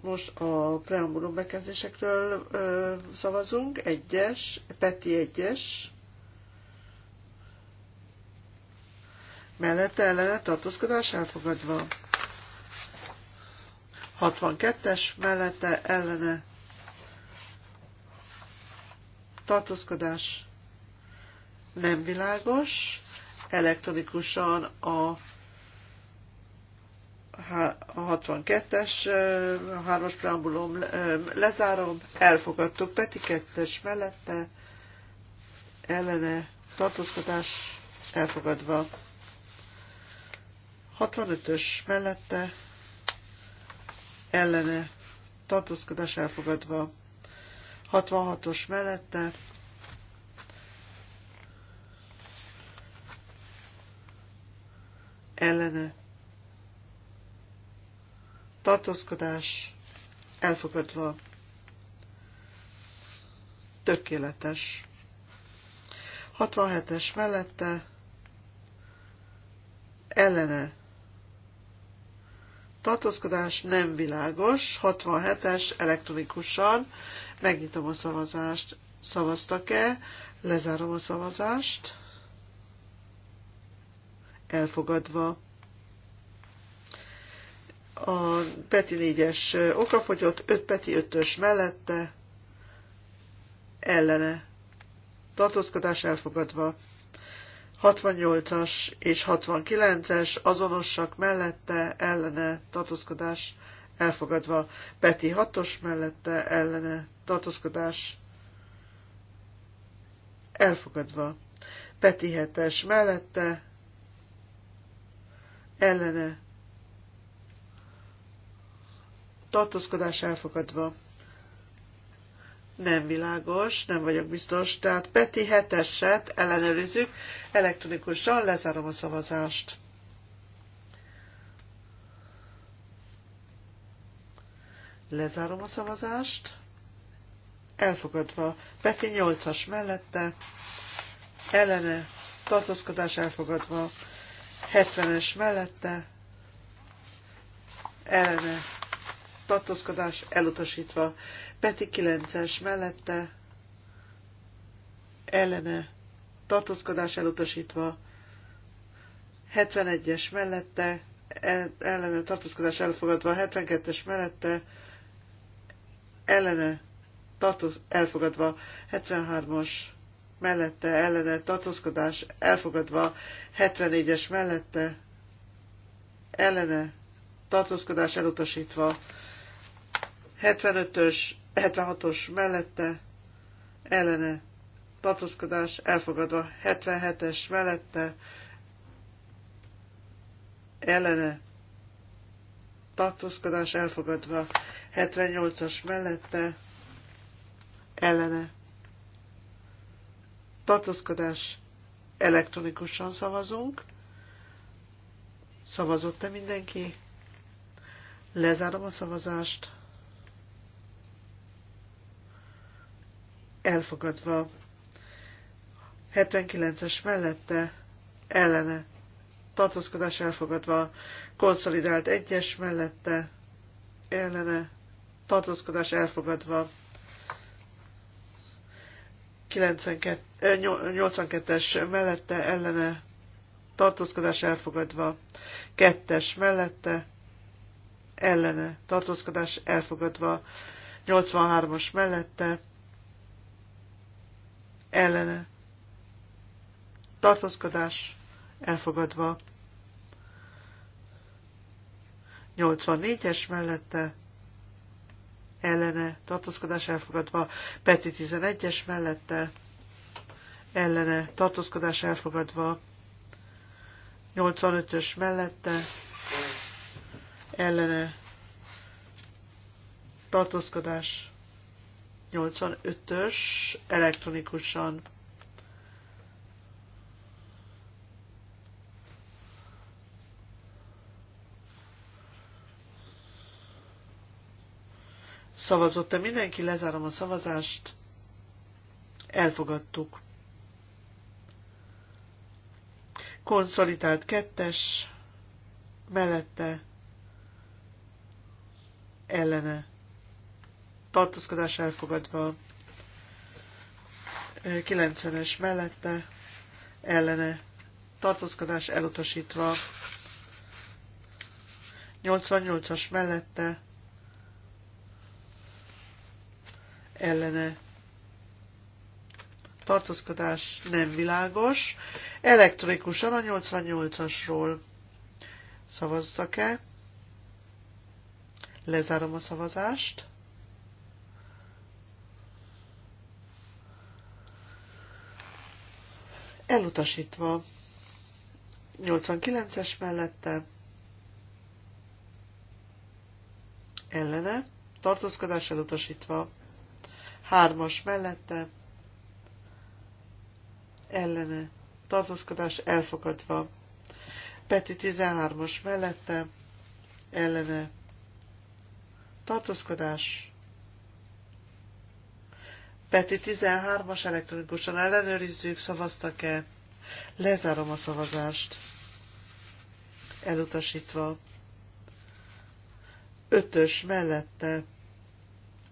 Most a preambulum bekezdésekről ö, szavazunk. Egyes, Peti egyes. mellette ellene tartózkodás elfogadva. 62-es mellette ellene tartózkodás nem világos, elektronikusan a 62-es hármas preambulum lezárom, elfogadtuk Peti 2-es mellette, ellene tartózkodás elfogadva. 65-ös mellette ellene tartózkodás elfogadva. 66-os mellette ellene tartózkodás elfogadva. Tökéletes. 67-es mellette ellene tartózkodás nem világos, 67-es elektronikusan, megnyitom a szavazást, szavaztak-e, lezárom a szavazást, elfogadva. A Peti 4-es okafogyott, 5 Peti 5-ös mellette, ellene, tartózkodás elfogadva. 68-as és 69-es azonosak mellette ellene tartózkodás elfogadva. Peti 6-os mellette ellene tartózkodás elfogadva. Peti 7-es mellette ellene tartózkodás elfogadva nem világos, nem vagyok biztos. Tehát Peti heteset ellenőrizzük elektronikusan, lezárom a szavazást. Lezárom a szavazást. Elfogadva. Peti 8-as mellette. Ellene. Tartózkodás elfogadva. 70-es mellette. Ellene tartózkodás elutasítva. Peti 9-es mellette ellene tartózkodás elutasítva. 71-es mellette ellene tartózkodás elfogadva. 72-es mellette ellene tartóz, elfogadva. 73-as mellette ellene tartózkodás elfogadva. 74-es mellette ellene tartózkodás elutasítva. 75-ös, 76-os mellette ellene tartózkodás elfogadva, 77-es mellette ellene tartózkodás elfogadva, 78-as mellette ellene tartózkodás elektronikusan szavazunk. Szavazott-e mindenki? Lezárom a szavazást. elfogadva. 79-es mellette ellene tartózkodás elfogadva, konszolidált 1-es mellette ellene tartózkodás elfogadva. 82-es mellette ellene tartózkodás elfogadva, kettes mellette ellene tartózkodás elfogadva, 83-as mellette ellene tartózkodás elfogadva. 84-es mellette ellene tartózkodás elfogadva, Peti 11-es mellette ellene tartózkodás elfogadva, 85-ös mellette ellene tartózkodás 85-ös elektronikusan. Szavazott-e mindenki? Lezárom a szavazást. Elfogadtuk. Konszolidált kettes, mellette, ellene tartózkodás elfogadva. 90-es mellette ellene tartózkodás elutasítva. 88-as mellette ellene tartózkodás nem világos. Elektronikusan a 88-asról szavaztak-e? Lezárom a szavazást. elutasítva. 89-es mellette ellene, tartózkodás elutasítva. 3-as mellette ellene, tartózkodás elfogadva. Peti 13-as mellette ellene, tartózkodás Peti 13-as elektronikusan ellenőrizzük, szavaztak-e? Lezárom a szavazást. Elutasítva. Ötös mellette.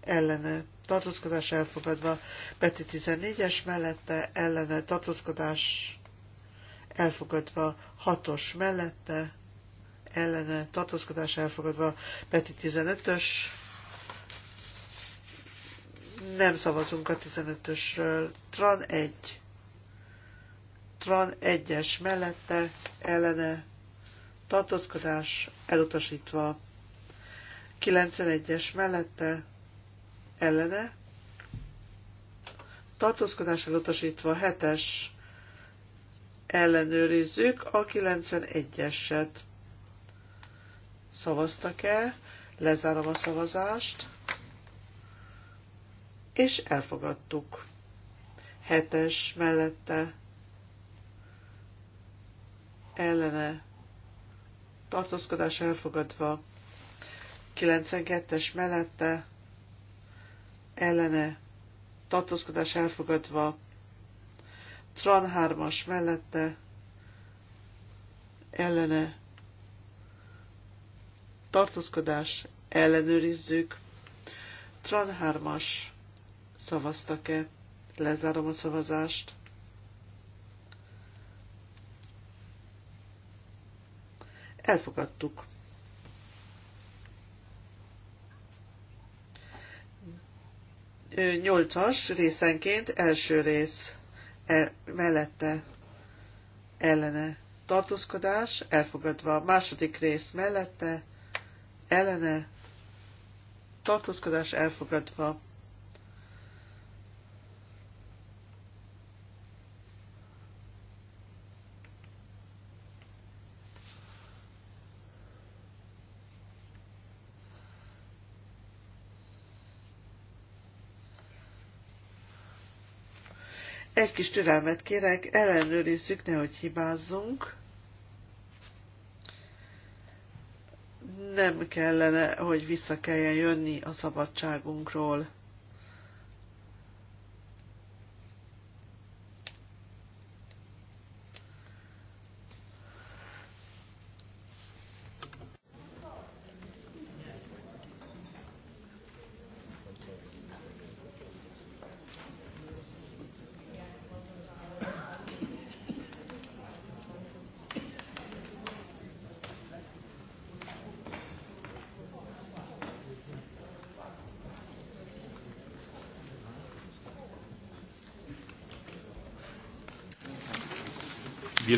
Ellene. Tartózkodás elfogadva. Peti 14-es mellette. Ellene. Tartózkodás elfogadva. Hatos mellette. Ellene. Tartózkodás elfogadva. Peti 15-ös nem szavazunk a 15-ösről. Tran 1. Tran 1-es mellette, ellene, tartózkodás elutasítva. 91-es mellette, ellene, tartózkodás elutasítva. 7-es ellenőrizzük a 91-eset. Szavaztak-e? Lezárom a szavazást és elfogadtuk. Hetes mellette ellene tartózkodás elfogadva, 92-es mellette ellene tartózkodás elfogadva, Tran 3-as mellette ellene tartózkodás ellenőrizzük, Tran 3-as Szavaztak-e? Lezárom a szavazást. Elfogadtuk. Nyolcas részenként első rész el, mellette ellene tartózkodás, elfogadva második rész mellette ellene tartózkodás elfogadva kis türelmet kérek, ellenőrizzük, nehogy hibázzunk. Nem kellene, hogy vissza kelljen jönni a szabadságunkról.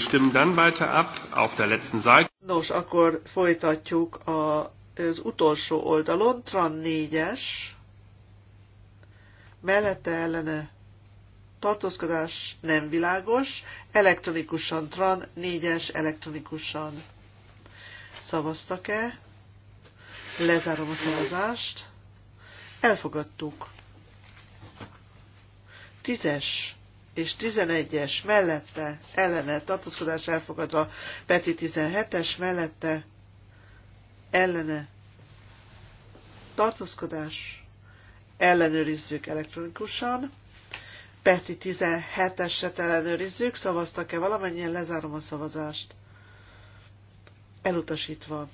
stimmen dann weiter ab auf der letzten Seite. Nos, akkor folytatjuk a, az utolsó oldalon, Tran 4-es, mellette ellene tartózkodás nem világos, elektronikusan Tran 4-es elektronikusan. Szavaztak-e? Lezárom a szavazást. Elfogadtuk. 10-es és 11-es mellette ellene tartózkodás elfogadva, Peti 17-es mellette ellene tartózkodás ellenőrizzük elektronikusan. Peti 17-eset ellenőrizzük, szavaztak-e valamennyien, lezárom a szavazást. Elutasítva.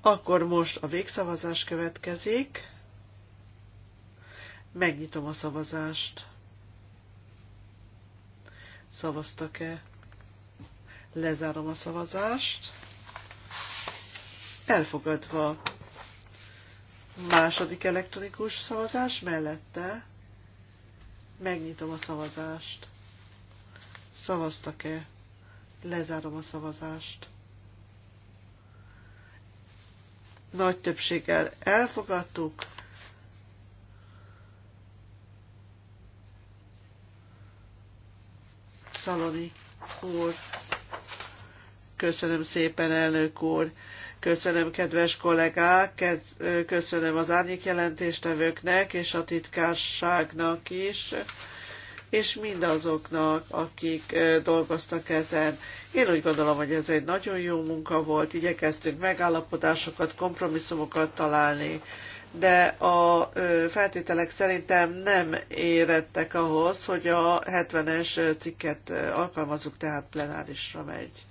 Akkor most a végszavazás következik. Megnyitom a szavazást. Szavaztak-e? Lezárom a szavazást. Elfogadva. Második elektronikus szavazás mellette. Megnyitom a szavazást. Szavaztak-e? Lezárom a szavazást. Nagy többséggel elfogadtuk. Szaloni úr. Köszönöm szépen, elnök úr. Köszönöm, kedves kollégák, köszönöm az árnyék jelentéstevőknek és a titkárságnak is, és mindazoknak, akik dolgoztak ezen. Én úgy gondolom, hogy ez egy nagyon jó munka volt, igyekeztünk megállapodásokat, kompromisszumokat találni de a feltételek szerintem nem érettek ahhoz, hogy a 70-es cikket alkalmazzuk, tehát plenárisra megy.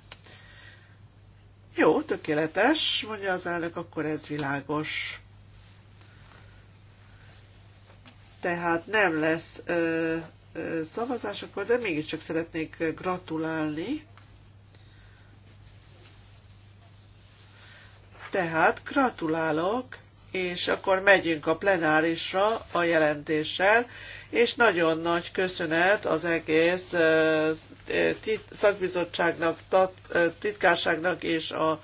Jó, tökéletes, mondja az elnök, akkor ez világos. Tehát nem lesz ö, ö, szavazás, akkor de mégiscsak szeretnék gratulálni. Tehát gratulálok és akkor megyünk a plenárisra a jelentéssel, és nagyon nagy köszönet az egész szakbizottságnak, titkárságnak és a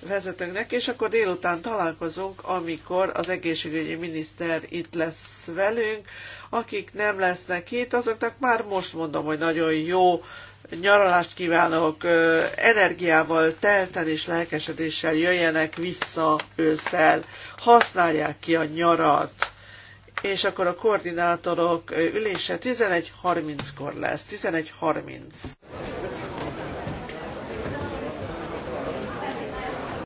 vezetőnknek, és akkor délután találkozunk, amikor az egészségügyi miniszter itt lesz velünk. Akik nem lesznek itt, azoknak már most mondom, hogy nagyon jó nyaralást kívánok, energiával, telten és lelkesedéssel jöjjenek vissza ősszel, használják ki a nyarat. És akkor a koordinátorok ülése 11.30-kor lesz, 11.30.